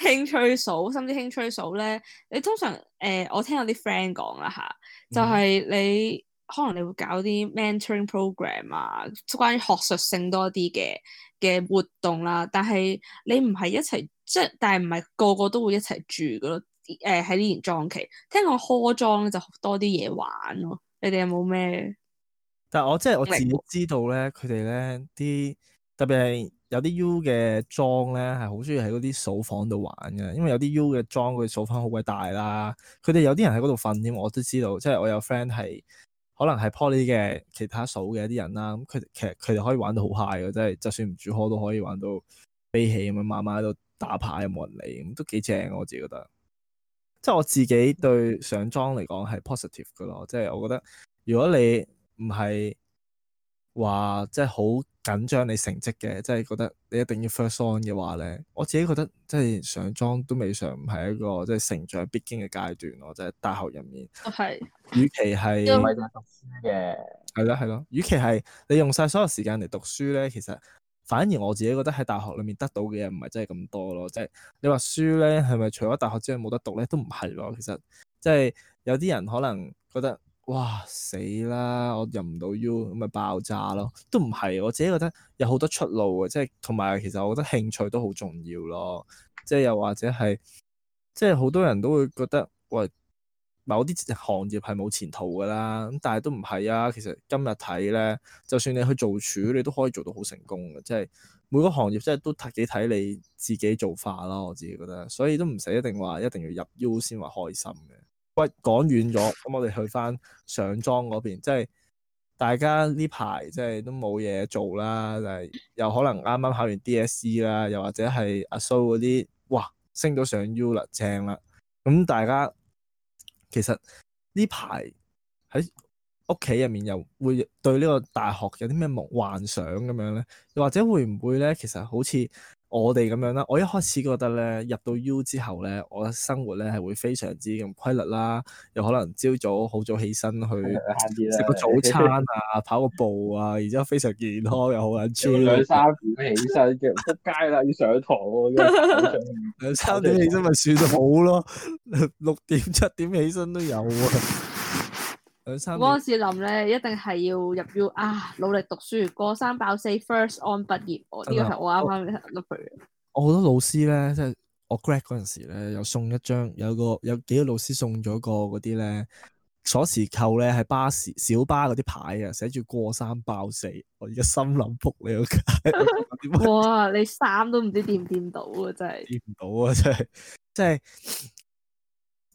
[SPEAKER 2] 興趣數，甚至興趣數咧，你通常誒、呃，我聽有啲 friend 講啦吓，就係、是、你。嗯可能你會搞啲 mentoring program 啊，關於學術性多啲嘅嘅活動啦、啊。但係你唔係一齊即係，但係唔係個個都會一齊住噶咯？誒喺呢年莊期，聽講科莊就多啲嘢玩咯、啊。你哋有冇咩？
[SPEAKER 1] 但係我即係我自己知道咧，佢哋咧啲特別係有啲 U 嘅莊咧係好鍾意喺嗰啲數房度玩嘅，因為有啲 U 嘅莊佢數房好鬼大啦。佢哋有啲人喺嗰度瞓添，我都知道，即係我有 friend 係。可能係 Poly 嘅其他數嘅一啲人啦，咁佢其實佢哋可以玩到好 high 嘅，即係就算唔住開都可以玩到飛起咁樣，慢慢喺度打牌又冇人理，咁都幾正我自己覺得，即係我自己對上莊嚟講係 positive 嘅咯，即係我覺得如果你唔係話即係好緊張你成績嘅，即係覺得你一定要 first on 嘅話咧，我自己覺得即係上莊都未上唔係一個即係成長必經嘅階段咯，即係大學入面。都係。 與其係。又唔係就讀書嘅。係咯係咯，與其係你用晒所有時間嚟讀書咧，其實反而我自己覺得喺大學裏面得到嘅嘢唔係真係咁多咯，即係你話書咧係咪除咗大學之外冇得讀咧都唔係咯。其實即係有啲人可能覺得。哇死啦！我入唔到 U 咁咪爆炸咯，都唔係，我自己覺得有好多出路嘅，即係同埋其實我覺得興趣都好重要咯，即係又或者係即係好多人都會覺得喂某啲行業係冇前途㗎啦，咁但係都唔係啊。其實今日睇咧，就算你去做廚，你都可以做到好成功嘅，即係每個行業即係都睇幾睇你自己做法咯。我自己覺得，所以都唔使一定話一定要入 U 先話開心嘅。喂，過講遠咗，咁我哋去翻上莊嗰邊，即係大家呢排即係都冇嘢做啦，就係又可能啱啱考完 DSE 啦，又或者係阿蘇嗰啲，哇升到上 U 啦，正啦，咁大家其實呢排喺屋企入面又會對呢個大學有啲咩夢幻想咁樣咧？又或者會唔會咧？其實好似。我哋咁樣啦，我一開始覺得咧，入到 U 之後咧，我生活咧係會非常之咁規律啦，又可能朝早好早起身去食個早餐啊， 跑個步啊，然之後非常健康 又好緊張啊。兩三
[SPEAKER 3] 點起身嘅，出街啦，要上堂喎。
[SPEAKER 1] 兩三點起身咪算好咯，六點七點起身都有啊。 嗰陣
[SPEAKER 2] 時諗咧，一定係要入 U 啊，努力讀書，過三爆四，first on 畢業。我呢個係我啱啱撈佢。
[SPEAKER 1] 我好多 老師咧，即係我 grad 嗰陣時咧，有送一張，有個有幾個老師送咗個嗰啲咧鎖匙扣咧，係巴士小巴嗰啲牌啊，寫住過三爆四，我而家心諗仆你個街。
[SPEAKER 2] 哇！你三都唔知掂唔掂到啊！
[SPEAKER 1] 真係掂唔到啊！真係，即係。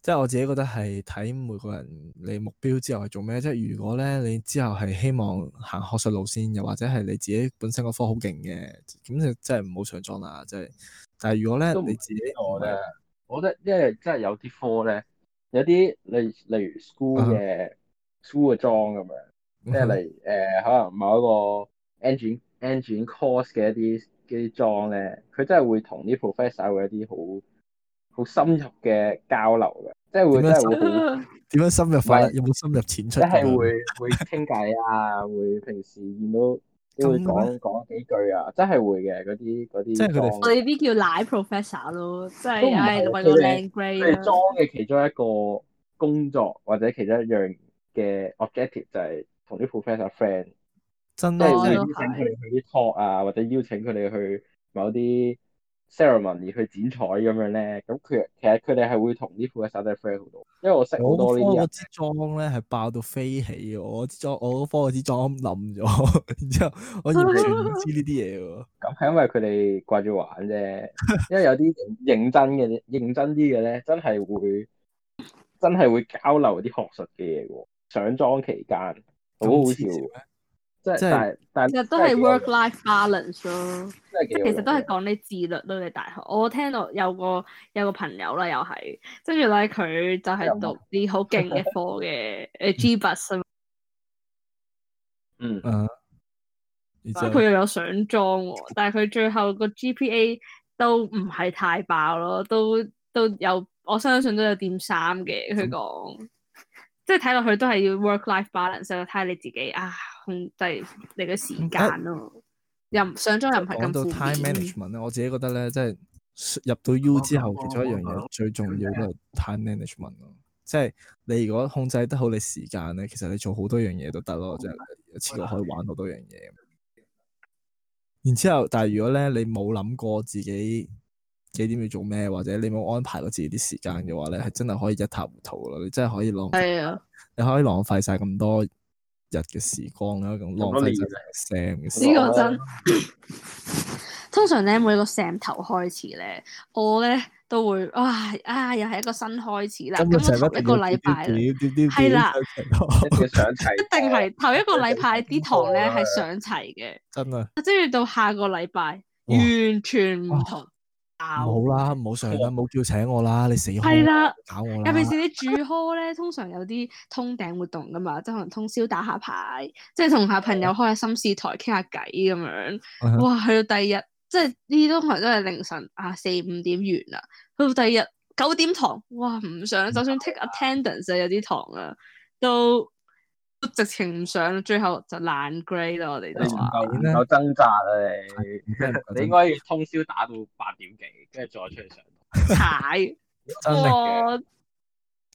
[SPEAKER 1] 即係我自己覺得係睇每個人你目標之後係做咩？即係如果咧你之後係希望行學術路線，又或者係你自己本身個科好勁嘅，咁就真係唔好上莊啦。即係，但係如果咧你自己，我咧，
[SPEAKER 3] 我覺得因為真係有啲科咧，有啲例例如 school 嘅、嗯、哼 school 嘅莊咁樣，嗯、哼即係例誒、呃、可能某一個 engine engine course 嘅一啲嘅莊咧，佢真係會同啲 professor 一啲好好深入嘅交流嘅，即係會，即係會
[SPEAKER 5] 點樣深入法？有冇深
[SPEAKER 3] 入淺出？即係會會傾偈啊，會平時見到都會講講幾句啊，真係會嘅嗰啲嗰啲。即係佢哋我哋
[SPEAKER 2] 啲叫奶 professor 咯，即係唉，咪個靚 grade。即係裝嘅
[SPEAKER 3] 其中一個工作或者其中一樣嘅 objective 就係同啲 professor friend，即係邀請佢哋去啲 talk 啊，或者邀請佢哋去某啲。ceremony 去剪綵咁樣咧，咁佢其實佢哋係會同啲富家子弟 friend 好多，因為我識好多人一
[SPEAKER 1] 支呢啲。我科莊咧係爆到飛起，我莊我都科莊冧咗，然之後我完全唔知呢啲嘢喎。咁係 因為佢哋掛住玩啫，因為
[SPEAKER 3] 有啲認真嘅， 認真啲嘅咧，真係會真係會交流啲學術嘅嘢喎。上莊期間好是好笑。即係，其實都係
[SPEAKER 2] work-life balance 咯。即係其實都係講啲自律咯。你大學我聽到有個有個朋友啦，又係跟住咧，佢就係讀啲好勁嘅科嘅誒，G Bus 啊，
[SPEAKER 4] 嗯，佢又
[SPEAKER 2] 有上莊，嗯、但係佢最後個 GPA 都唔係太爆咯，都都有我相信都有點三嘅。佢講、嗯、 即係睇落去都係要 work-life balance 睇下你自己啊。控制你嘅時間咯、啊，啊、上又上咗又唔係咁到 time management
[SPEAKER 1] 咧， 我自己覺得咧，即係入到 U 之後，其中一樣嘢最重要都係 time management 咯。即係、啊就是、你如果控制得好你時間咧，其實你做好多樣嘢都得咯，即係對、就是、一次過可以玩好多樣嘢。對然之後，但係如果咧你冇諗過自己幾點要做咩，或者你冇安排到自己啲時間嘅話咧，係真係可以一塌糊塗咯。你真係可以浪，係
[SPEAKER 5] 啊，
[SPEAKER 1] 你可以浪費晒咁多。日嘅時光啦，咁浪費成成嘅。講真、
[SPEAKER 2] 啊，通常咧每個成、啊、頭開始咧，我咧都會哇啊，又係一個新開始啦。咁日一個禮拜，
[SPEAKER 1] 係
[SPEAKER 4] 啦，一定係、啊、
[SPEAKER 2] 頭一個禮拜啲堂咧係上齊嘅。
[SPEAKER 1] 真啊！
[SPEAKER 2] 啊啊即係到下個禮拜完全唔同。
[SPEAKER 1] 唔好啦，唔好上啦，唔好的叫請我啦，你死開的搞我啦。尤其是你
[SPEAKER 2] 住 hall 咧， 通常有啲通頂活動噶嘛，即係可能通宵打下牌，即係同下朋友開下心事台傾下偈咁樣。
[SPEAKER 1] 哇，去到
[SPEAKER 2] 第二日，即係呢啲都可能都係凌晨啊四五點完啦。去到第二日九點堂，哇唔想，就算 take attendance 啊有啲堂啊，都、 啊。都直情唔上，最後就爛 grade 咯，我哋都話。
[SPEAKER 3] 唔夠唔夠掙扎啊！你 你應該要通宵打到八點幾，跟住再出去上。踩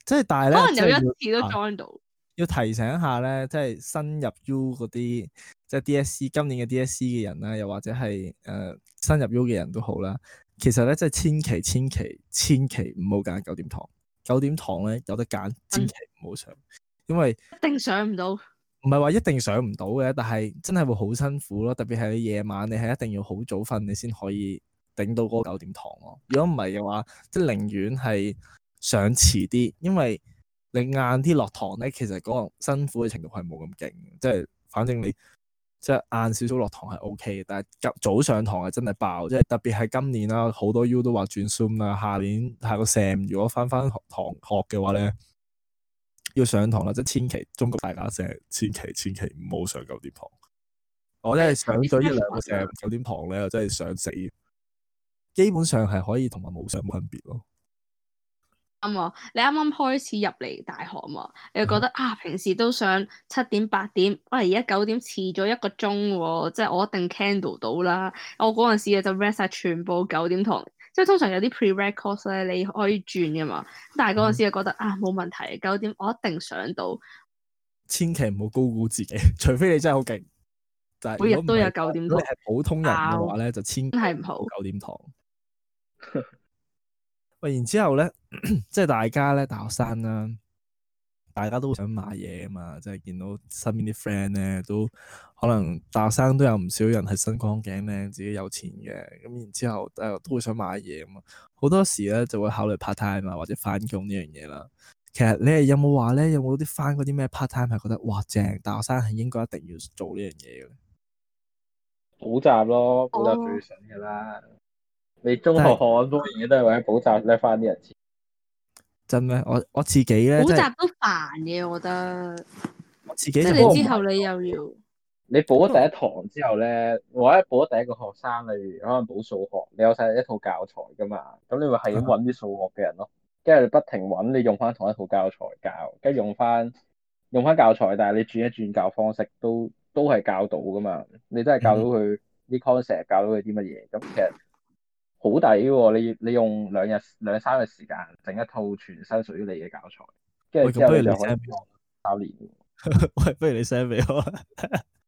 [SPEAKER 3] 真力
[SPEAKER 1] 即係我但係咧，可能有一次都 join 到、啊。要提醒一下咧，即、就、係、是、新入 U 嗰啲，即、就、係、是、DSC 今年嘅 DSC 嘅人啦、啊，又或者係誒、呃、新入 U 嘅人都好啦。其實咧，即、就、係、是、千祈千祈千祈唔好揀九點堂。九點堂咧有得揀，千祈唔好上。嗯因為
[SPEAKER 2] 一定上唔到，
[SPEAKER 1] 唔係話一定上唔到嘅，但係真係會好辛苦咯。特別係你夜晚，你係一定要好早瞓，你先可以頂到嗰個九點堂咯。如果唔係嘅話，即係寧願係上遲啲，因為你晏啲落堂咧，其實嗰個辛苦嘅程度係冇咁勁。即係反正你即係晏少少落堂係 O K 嘅，但係早上堂係真係爆。即係特別係今年啦，好多 U 都話轉 zoom 啦，下年下個 Sam 如果翻翻堂學嘅話咧。嗯要上堂啦，即係千祈中國大家成，千祈千祈唔好上九點堂。 我真係上咗一兩個成 九點堂咧，我真係想死。基本上係可以同埋冇上冇分別咯。
[SPEAKER 2] 啱、嗯、你啱啱開始入嚟大學啊嘛，你又覺得、嗯、啊，平時都上七點八點，哇！而家九點遲咗一個鐘喎、啊，即係我一定 candle 到啦。我嗰陣時啊就 rest 曬全部九點堂。即係通常有啲 pre-record 咧，你可以轉㗎嘛。但係嗰陣時就覺得、嗯、啊，冇問題，九點我一定上到。
[SPEAKER 1] 千祈唔好高估自己，除非你真係好勁。但係每日都有九點堂。你係普通人嘅話咧，哦、就千祈唔好九點堂。喂、嗯， 然之後咧，即係大家咧，大學生啦。大家都想買嘢啊嘛，即係見到身邊啲 friend 咧，都可能大學生都有唔少人係身光頸靚，自己有錢嘅，咁然之後誒、呃、都會想買嘢咁啊。好多時咧就會考慮 part time 啊，或者翻工呢樣嘢啦。其實你哋有冇話咧，有冇啲翻嗰啲咩 part time 係覺得哇，正？大學生係應該一定要做呢樣嘢嘅。
[SPEAKER 3] 補習咯，補習最想噶啦。哦、你中學、學咁多年都係為咗補習，叻翻啲人錢。
[SPEAKER 1] 真咩？我我自己咧，補習
[SPEAKER 3] 都
[SPEAKER 2] 煩嘅，我覺得。
[SPEAKER 1] 我自己即係你之
[SPEAKER 2] 後，你又要
[SPEAKER 1] 你補咗第一堂
[SPEAKER 3] 之後咧，我一補咗第一個學生，例如可能補數學，你有晒一套教材噶嘛，咁你咪係咁搵啲數學嘅人咯，跟住的你不停搵，你用翻同一套教材教，跟住用翻用翻教材，但係你轉一轉教方式，都都係教到噶嘛，你都係教到佢啲 concept，教到佢啲乜嘢，咁其實。好抵喎！你你用兩日兩三日時間整一套全新屬於你嘅教材，跟住之後就可以教三年。
[SPEAKER 1] 喂 不如你 send 俾我啊！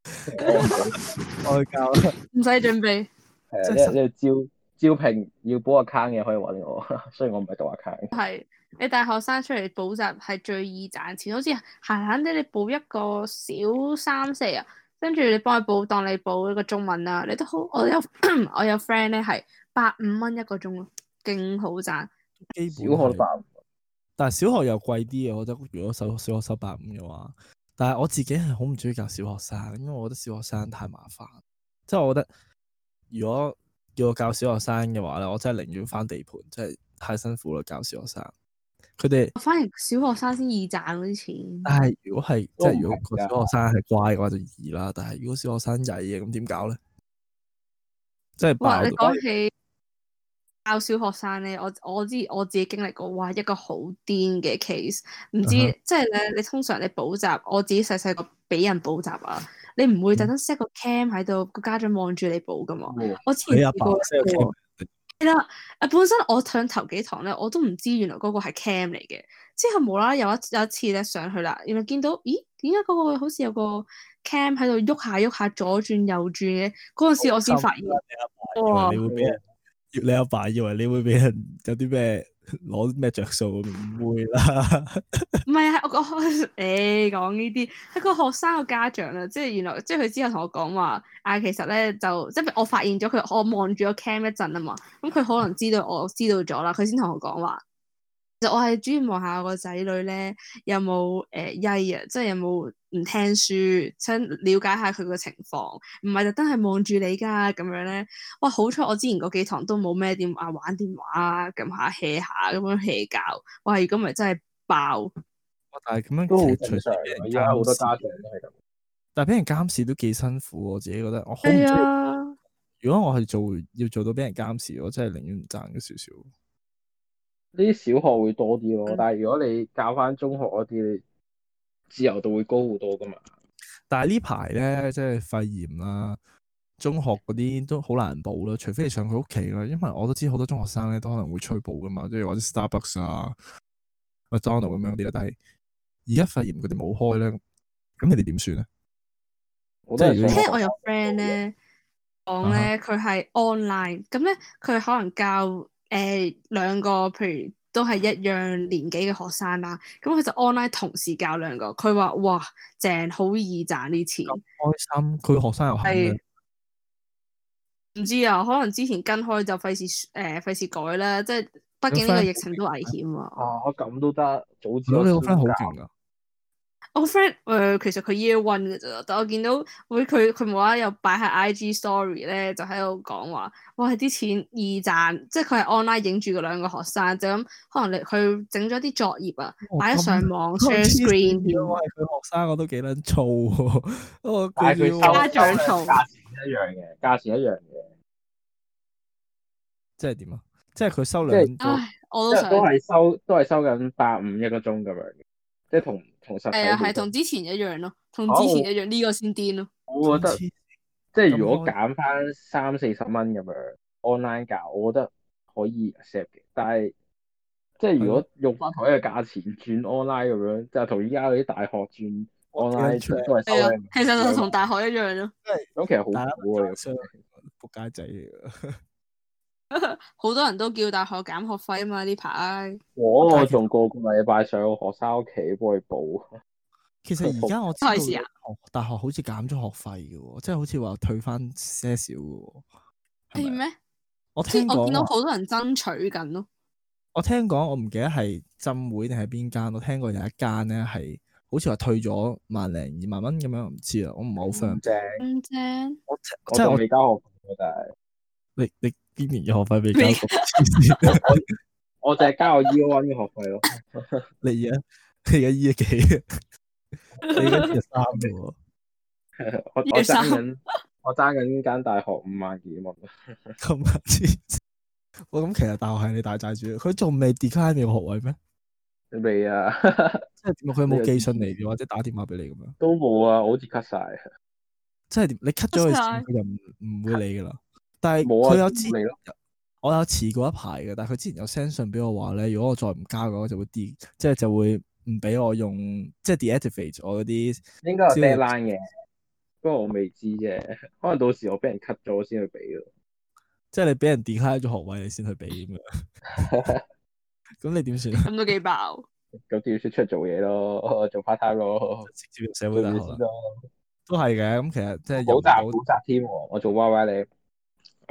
[SPEAKER 3] 我教，唔使準備，係即即係招招聘要補 account 嘅，可以揾我，雖然我唔係讀 account。
[SPEAKER 2] 係 你大學生出嚟補習係最易賺錢，好似閒閒啲你補一個小三四呀、啊，跟住你幫佢補當你補一個中文啦、啊，你都好我有 我有 friend 咧係。八五蚊一個鐘咯，勁好賺。
[SPEAKER 1] 小學但係小學又貴啲嘅，我覺得如果收小學收八五嘅話，但係我自己係好唔中意教小學生，因為我覺得小學生太麻煩。即係我覺得如果叫我教小學生嘅話咧，我真係寧願翻地盤，真係太辛苦啦教小學生。佢哋
[SPEAKER 2] 反而小學生先易賺啲錢。但係
[SPEAKER 1] 如果係即係如果個小學生係乖嘅話就易啦，但係如果小學生仔嘅咁點搞咧？即係。哇，你講
[SPEAKER 2] 起。教小學生咧，我我知我自己經歷過，哇一個好癲嘅 case，唔知即係咧，你通常你補習，我自己細細個俾人補習啊，你唔會特登 set 個 cam 喺度，個家長望住你補㗎嘛？我之前有過，係啦，啊本身我上頭幾堂咧，我都唔知原來嗰個係 cam 嚟嘅，之後無啦啦有一有一次咧上去啦，原來見到咦點解嗰個好似有個 cam 喺度喐下喐下，下左轉右轉嘅，嗰陣時我先發現，哇、啊！你爸爸
[SPEAKER 1] 你阿爸,爸以為你會俾人有啲咩攞咩著數？唔會啦。
[SPEAKER 2] 唔係啊，我個誒講呢啲，係、哎那個學生個家長啊，即係原來即係佢之後同我講話啊，其實咧就即係我發現咗佢，我望住個 cam 一陣啊嘛，咁佢可能知道我知道咗啦，佢先同我講話。其實我係主要望下我個仔女咧有冇誒曳啊，即係有冇。唔聽書，想了解下佢個情況，唔係就真係望住你㗎咁樣咧。哇！好彩我之前嗰幾堂都冇咩電話玩電話咁下 hea 下咁樣 hea 教。哇！如果唔係真係爆。
[SPEAKER 1] 但係咁樣都好正常，而家好多家長
[SPEAKER 4] 都係咁。
[SPEAKER 1] 但係俾人監視都幾辛苦，我自己覺得我好唔舒服。如果我係做要做到俾人監視，我真係寧願唔賺咗少少。
[SPEAKER 3] 呢啲小學會多啲咯，的但係如果你教翻中學嗰啲，自由度會高好多
[SPEAKER 1] 噶嘛？但係呢排咧，即係肺炎啦，中學嗰啲都好難補啦，除非你上佢屋企啦。因為我都知好多中學生咧都可能會催補噶嘛，即係或者 Starbucks 啊、阿、 啊啊、Donald 咁樣啲啦。但係而家肺炎佢哋冇開咧，咁你哋點算啊？ 即係聽我
[SPEAKER 4] 有 friend
[SPEAKER 2] 咧講咧，佢係 online，咁咧佢可能教誒兩、呃、個，譬如。都係一樣年紀嘅學生啦，咁佢就 online 同時教兩個。佢話：哇，正好易賺啲錢，
[SPEAKER 1] 開心。佢學生又開。
[SPEAKER 2] 係，唔知啊，可能之前跟開就費事誒，費、呃、事改啦。即係畢竟呢個疫情都危險啊。
[SPEAKER 1] 哦，咁都得，早知我哋個 friend 好勁㗎！
[SPEAKER 2] 我、oh, friend 誒、呃，其實佢 year one 嘅啫，但我見到，我佢佢冇啦，又擺喺 IG story 咧，就喺度講話，我係啲錢易賺，即係佢係 online 影住嗰兩個學生，就咁可能你佢整咗啲作業啊，擺咗、哦、上網 s,、哦、share screen、哦。
[SPEAKER 1] 我係佢學生，我都幾捻燥，我佢家長
[SPEAKER 4] 嘈，價錢一
[SPEAKER 1] 樣
[SPEAKER 3] 嘅，
[SPEAKER 4] 價
[SPEAKER 1] 錢一樣嘅，即係點啊？即係佢
[SPEAKER 3] 收兩，我想都係收，都係收緊百五一個鐘咁樣。即係同同十係啊，係同
[SPEAKER 2] 之前一樣咯、啊，同之前一樣呢、啊啊、個先癲咯、啊。我覺得
[SPEAKER 3] 即係如果減翻三四十蚊咁樣 online 教，我覺得可以 accept 嘅。但係即係如果用翻台嘅價錢轉 online 咁樣，就同依家嗰啲大學轉 online 出嚟，係、啊、其
[SPEAKER 2] 實就同大學一樣咯。
[SPEAKER 3] 咁其實好苦啊，其仆街仔啊！
[SPEAKER 2] 好 多人都叫大學減學費啊嘛，呢排，
[SPEAKER 3] 我我仲個個禮拜上學生屋企幫佢補。
[SPEAKER 1] 其實而家我知，啊、大學好似減咗學費嘅，即係好似話退翻些少嘅係咩？我聽我見到好多
[SPEAKER 2] 人爭取緊咯。
[SPEAKER 1] 我聽講，我唔記得係浸會定係邊間。我聽過的有一間咧，係好似話退咗萬零二萬蚊咁樣，唔知啦。我唔係好 friend。咁
[SPEAKER 4] 正，
[SPEAKER 3] 我即係我未交
[SPEAKER 1] 學費，但係你你。你你今年嘅學費未交？
[SPEAKER 3] 我就係交我 Year One 嘅學費咯。你而家你而家 Year 幾？你而家三喎。我揸緊我揸緊呢間大學五萬幾蚊！
[SPEAKER 1] 咁我咁其實大學係你大債主，佢仲未 decline 你學位咩？未沒啊！ 即係佢有冇寄信嚟，嘅？或者打電話俾你咁樣？都冇啊！好似 cut 晒。即係你 cut 咗佢，佢 就唔唔會理噶啦。但係佢有知，我有遲過一排嘅。但係佢之前有 send 信俾我話咧，如果我再唔交嘅話，就會跌，即、就、係、是、就會唔俾我用，即、就、係、是、deactivate 我嗰啲。應該有 deadline 嘅，
[SPEAKER 3] 不過我未知啫。可能到時我俾人 cut 咗，我先去俾咯。
[SPEAKER 1] 即 係 你俾人 decline 咗學位，你先去俾咁樣。咁你點算？咁都幾爆。咁都要出出去做嘢咯，做 part time 咯，哦、直接入社會大學咯。吧都係嘅。咁其實即係有詐冇詐添。我做 Y Y 你。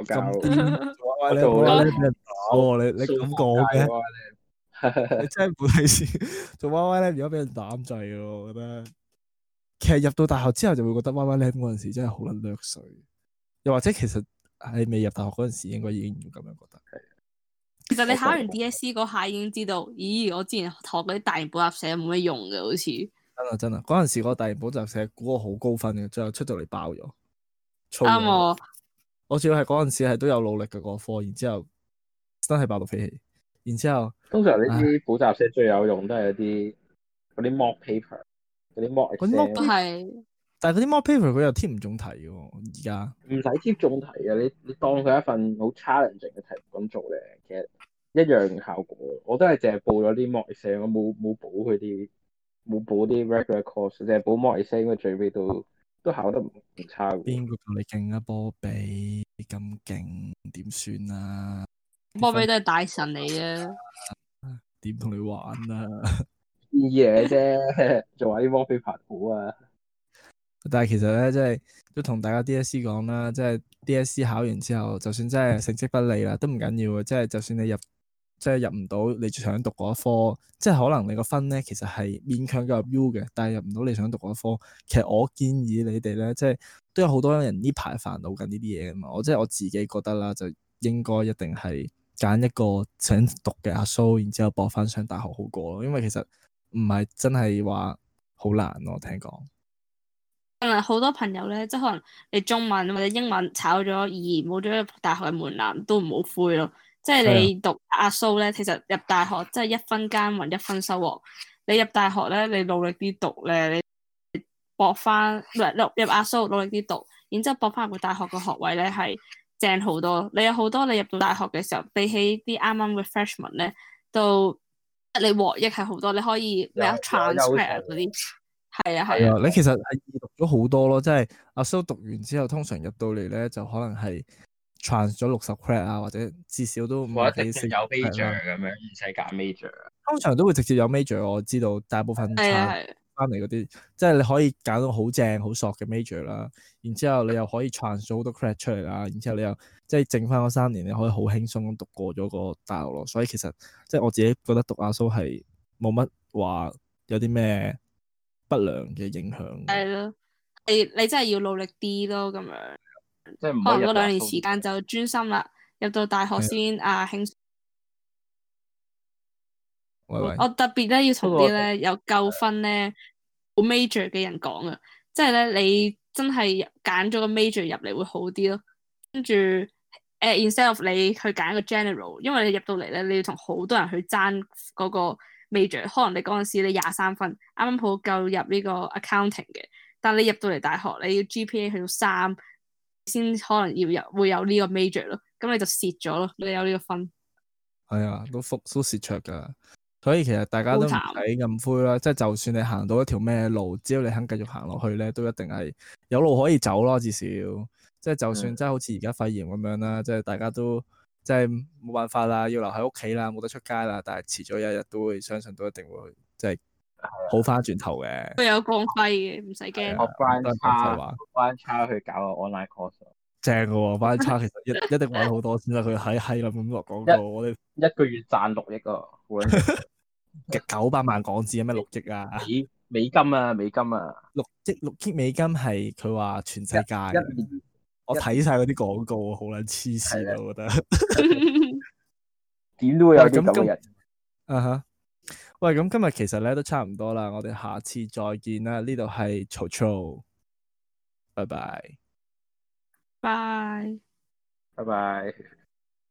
[SPEAKER 1] 咁癲做 YY Lam，俾人打。你你咁講嘅，你真係唔睇事。做 YY Lam，而家俾人打咁滯嘅，我覺得。其實入到大學之後就會覺得 YY Lam 嗰陣時真係好撚掠水，又或者其實係未入大學嗰陣時應該已經咁樣覺得。其實你考完
[SPEAKER 2] DSE 嗰下已經知道，咦？我之前學嗰啲大型補習社冇乜用嘅，好似。
[SPEAKER 1] 真啊真啊！嗰陣時我大型補習社估我好高分嘅，最後出到嚟爆咗。啱我。我主要係嗰陣時係都有努力嘅嗰科，然之後真係爆到飛起。然之後
[SPEAKER 3] 通常呢啲補習社最有用都係啲嗰啲 mock paper，
[SPEAKER 1] 嗰啲 mock。佢 mock 都係，但係嗰啲 mock paper 佢又貼唔中題嘅喎，而家。唔使貼重題嘅，你你當佢一份好 challenge 嘅題咁做咧，其實
[SPEAKER 3] 一樣效果。我都係淨係報咗啲 mock exam 我冇冇補佢啲冇補啲 regular course，淨係補 mock exam，因為最尾都。都考得唔差嘅。邊
[SPEAKER 1] 個同你勁啊？波比你咁勁點算啊？波比都係大神嚟嘅，點同你玩啊？啲嘢啫，做下啲波比爬虎啊！但係其實咧，即係都同大家 DSE 講啦，即係 DSE 考完之後，就算真係成績不利啦，都唔緊要，即係就算你入。即係入唔到你想讀嗰科，即係可能你個分咧，其實係勉強夠入 U 嘅，但係入唔到你想讀嗰科。其實我建議你哋咧，即係都有好多人呢排煩惱緊呢啲嘢啊嘛。我即係我自己覺得啦，就應該一定係揀一個想讀嘅阿蘇，然之後搏翻上大學好過咯。因為其實唔係真係話好難咯、啊。聽講，
[SPEAKER 2] 可能好多朋友咧，即係可能你中文或者英文炒咗而冇咗大學嘅門檻，都唔好灰咯。即係你讀阿蘇咧，其實入大學即係一分耕耘一分收穫。你入大學咧，你努力啲讀咧，你博翻唔係入入阿蘇努力啲讀，然之後博翻個大學個學位咧係正好多。你有好多你入到大學嘅時候，比起啲啱啱 refreshment 咧，都你獲益係好多。你可以 make a transfer 嗰啲，係啊係啊。啊啊你其實
[SPEAKER 1] 係二讀咗好多咯，即係阿蘇讀完之後，通常入到嚟咧就可能係。trans 咗六十 credit 啊，或者至少都冇一定有 major
[SPEAKER 3] 咁樣，唔使揀 major。
[SPEAKER 1] 通常都會直接有 major，我知道大部分差翻嚟嗰啲，哎、呀即係你可以揀到好正好索嘅 major 啦。Major, 然之後你又可以 trans 咗好多 credit 出嚟啦。然之後你又即係剩翻嗰三年，你可以好輕鬆咁讀過咗個大學咯。所以其實即係我自己覺得讀阿蘇係冇乜話有啲咩不良嘅影響。
[SPEAKER 2] 係咯、哎，你你真係要努力啲咯，咁樣。
[SPEAKER 1] 即係可能嗰兩年時
[SPEAKER 2] 間就專心啦，入到大學先的啊輕
[SPEAKER 4] 鬆。喂我
[SPEAKER 2] 特別咧要同啲咧喂有夠分咧，好 major 嘅人講啊，即係咧你真係揀咗個 major 入嚟會好啲咯。跟住誒，instead of 你去揀一個 general，因為你入到嚟咧，你要同好多人去爭嗰個 major。可能你嗰陣時你廿三分，啱啱好夠入呢個 accounting 嘅，但你入到嚟大學你要 GPA 去到三。先可能要有會有呢個 major 咯，咁你就蝕咗咯，你有呢個分。
[SPEAKER 1] 係啊、哎，都復蘇蝕出噶，所以其實大家都唔使咁灰啦。即係就算你行到一條咩路，只要你肯繼續行落去咧，都一定係有路可以走咯。至少，即係就算真係好似而家肺炎咁樣啦，嗯、即係大家都即係冇辦法啦，要留喺屋企啦，冇得出街啦。但係遲咗一日都會相信都一定會即係。好翻轉頭嘅，
[SPEAKER 2] 都有光輝嘅，唔使
[SPEAKER 1] 驚。我 Brian Chau 去搞個 online course，正嘅。Brian Chau 其實一一定搵好多先啦，佢喺喺咁落廣告，我哋一
[SPEAKER 3] 個月賺六億
[SPEAKER 1] 啊，九百萬港紙有咩六億啊？咦？美金啊，美金啊，六億六億美金係佢話全世界。
[SPEAKER 5] 我睇
[SPEAKER 1] 晒嗰啲廣告，好撚黐線啊！我覺得點都會有咁嘅人。啊哈。喂，咁今日其實咧都差唔多啦，我哋下次再見啦，呢度係曹操，拜拜，
[SPEAKER 4] 拜，拜拜。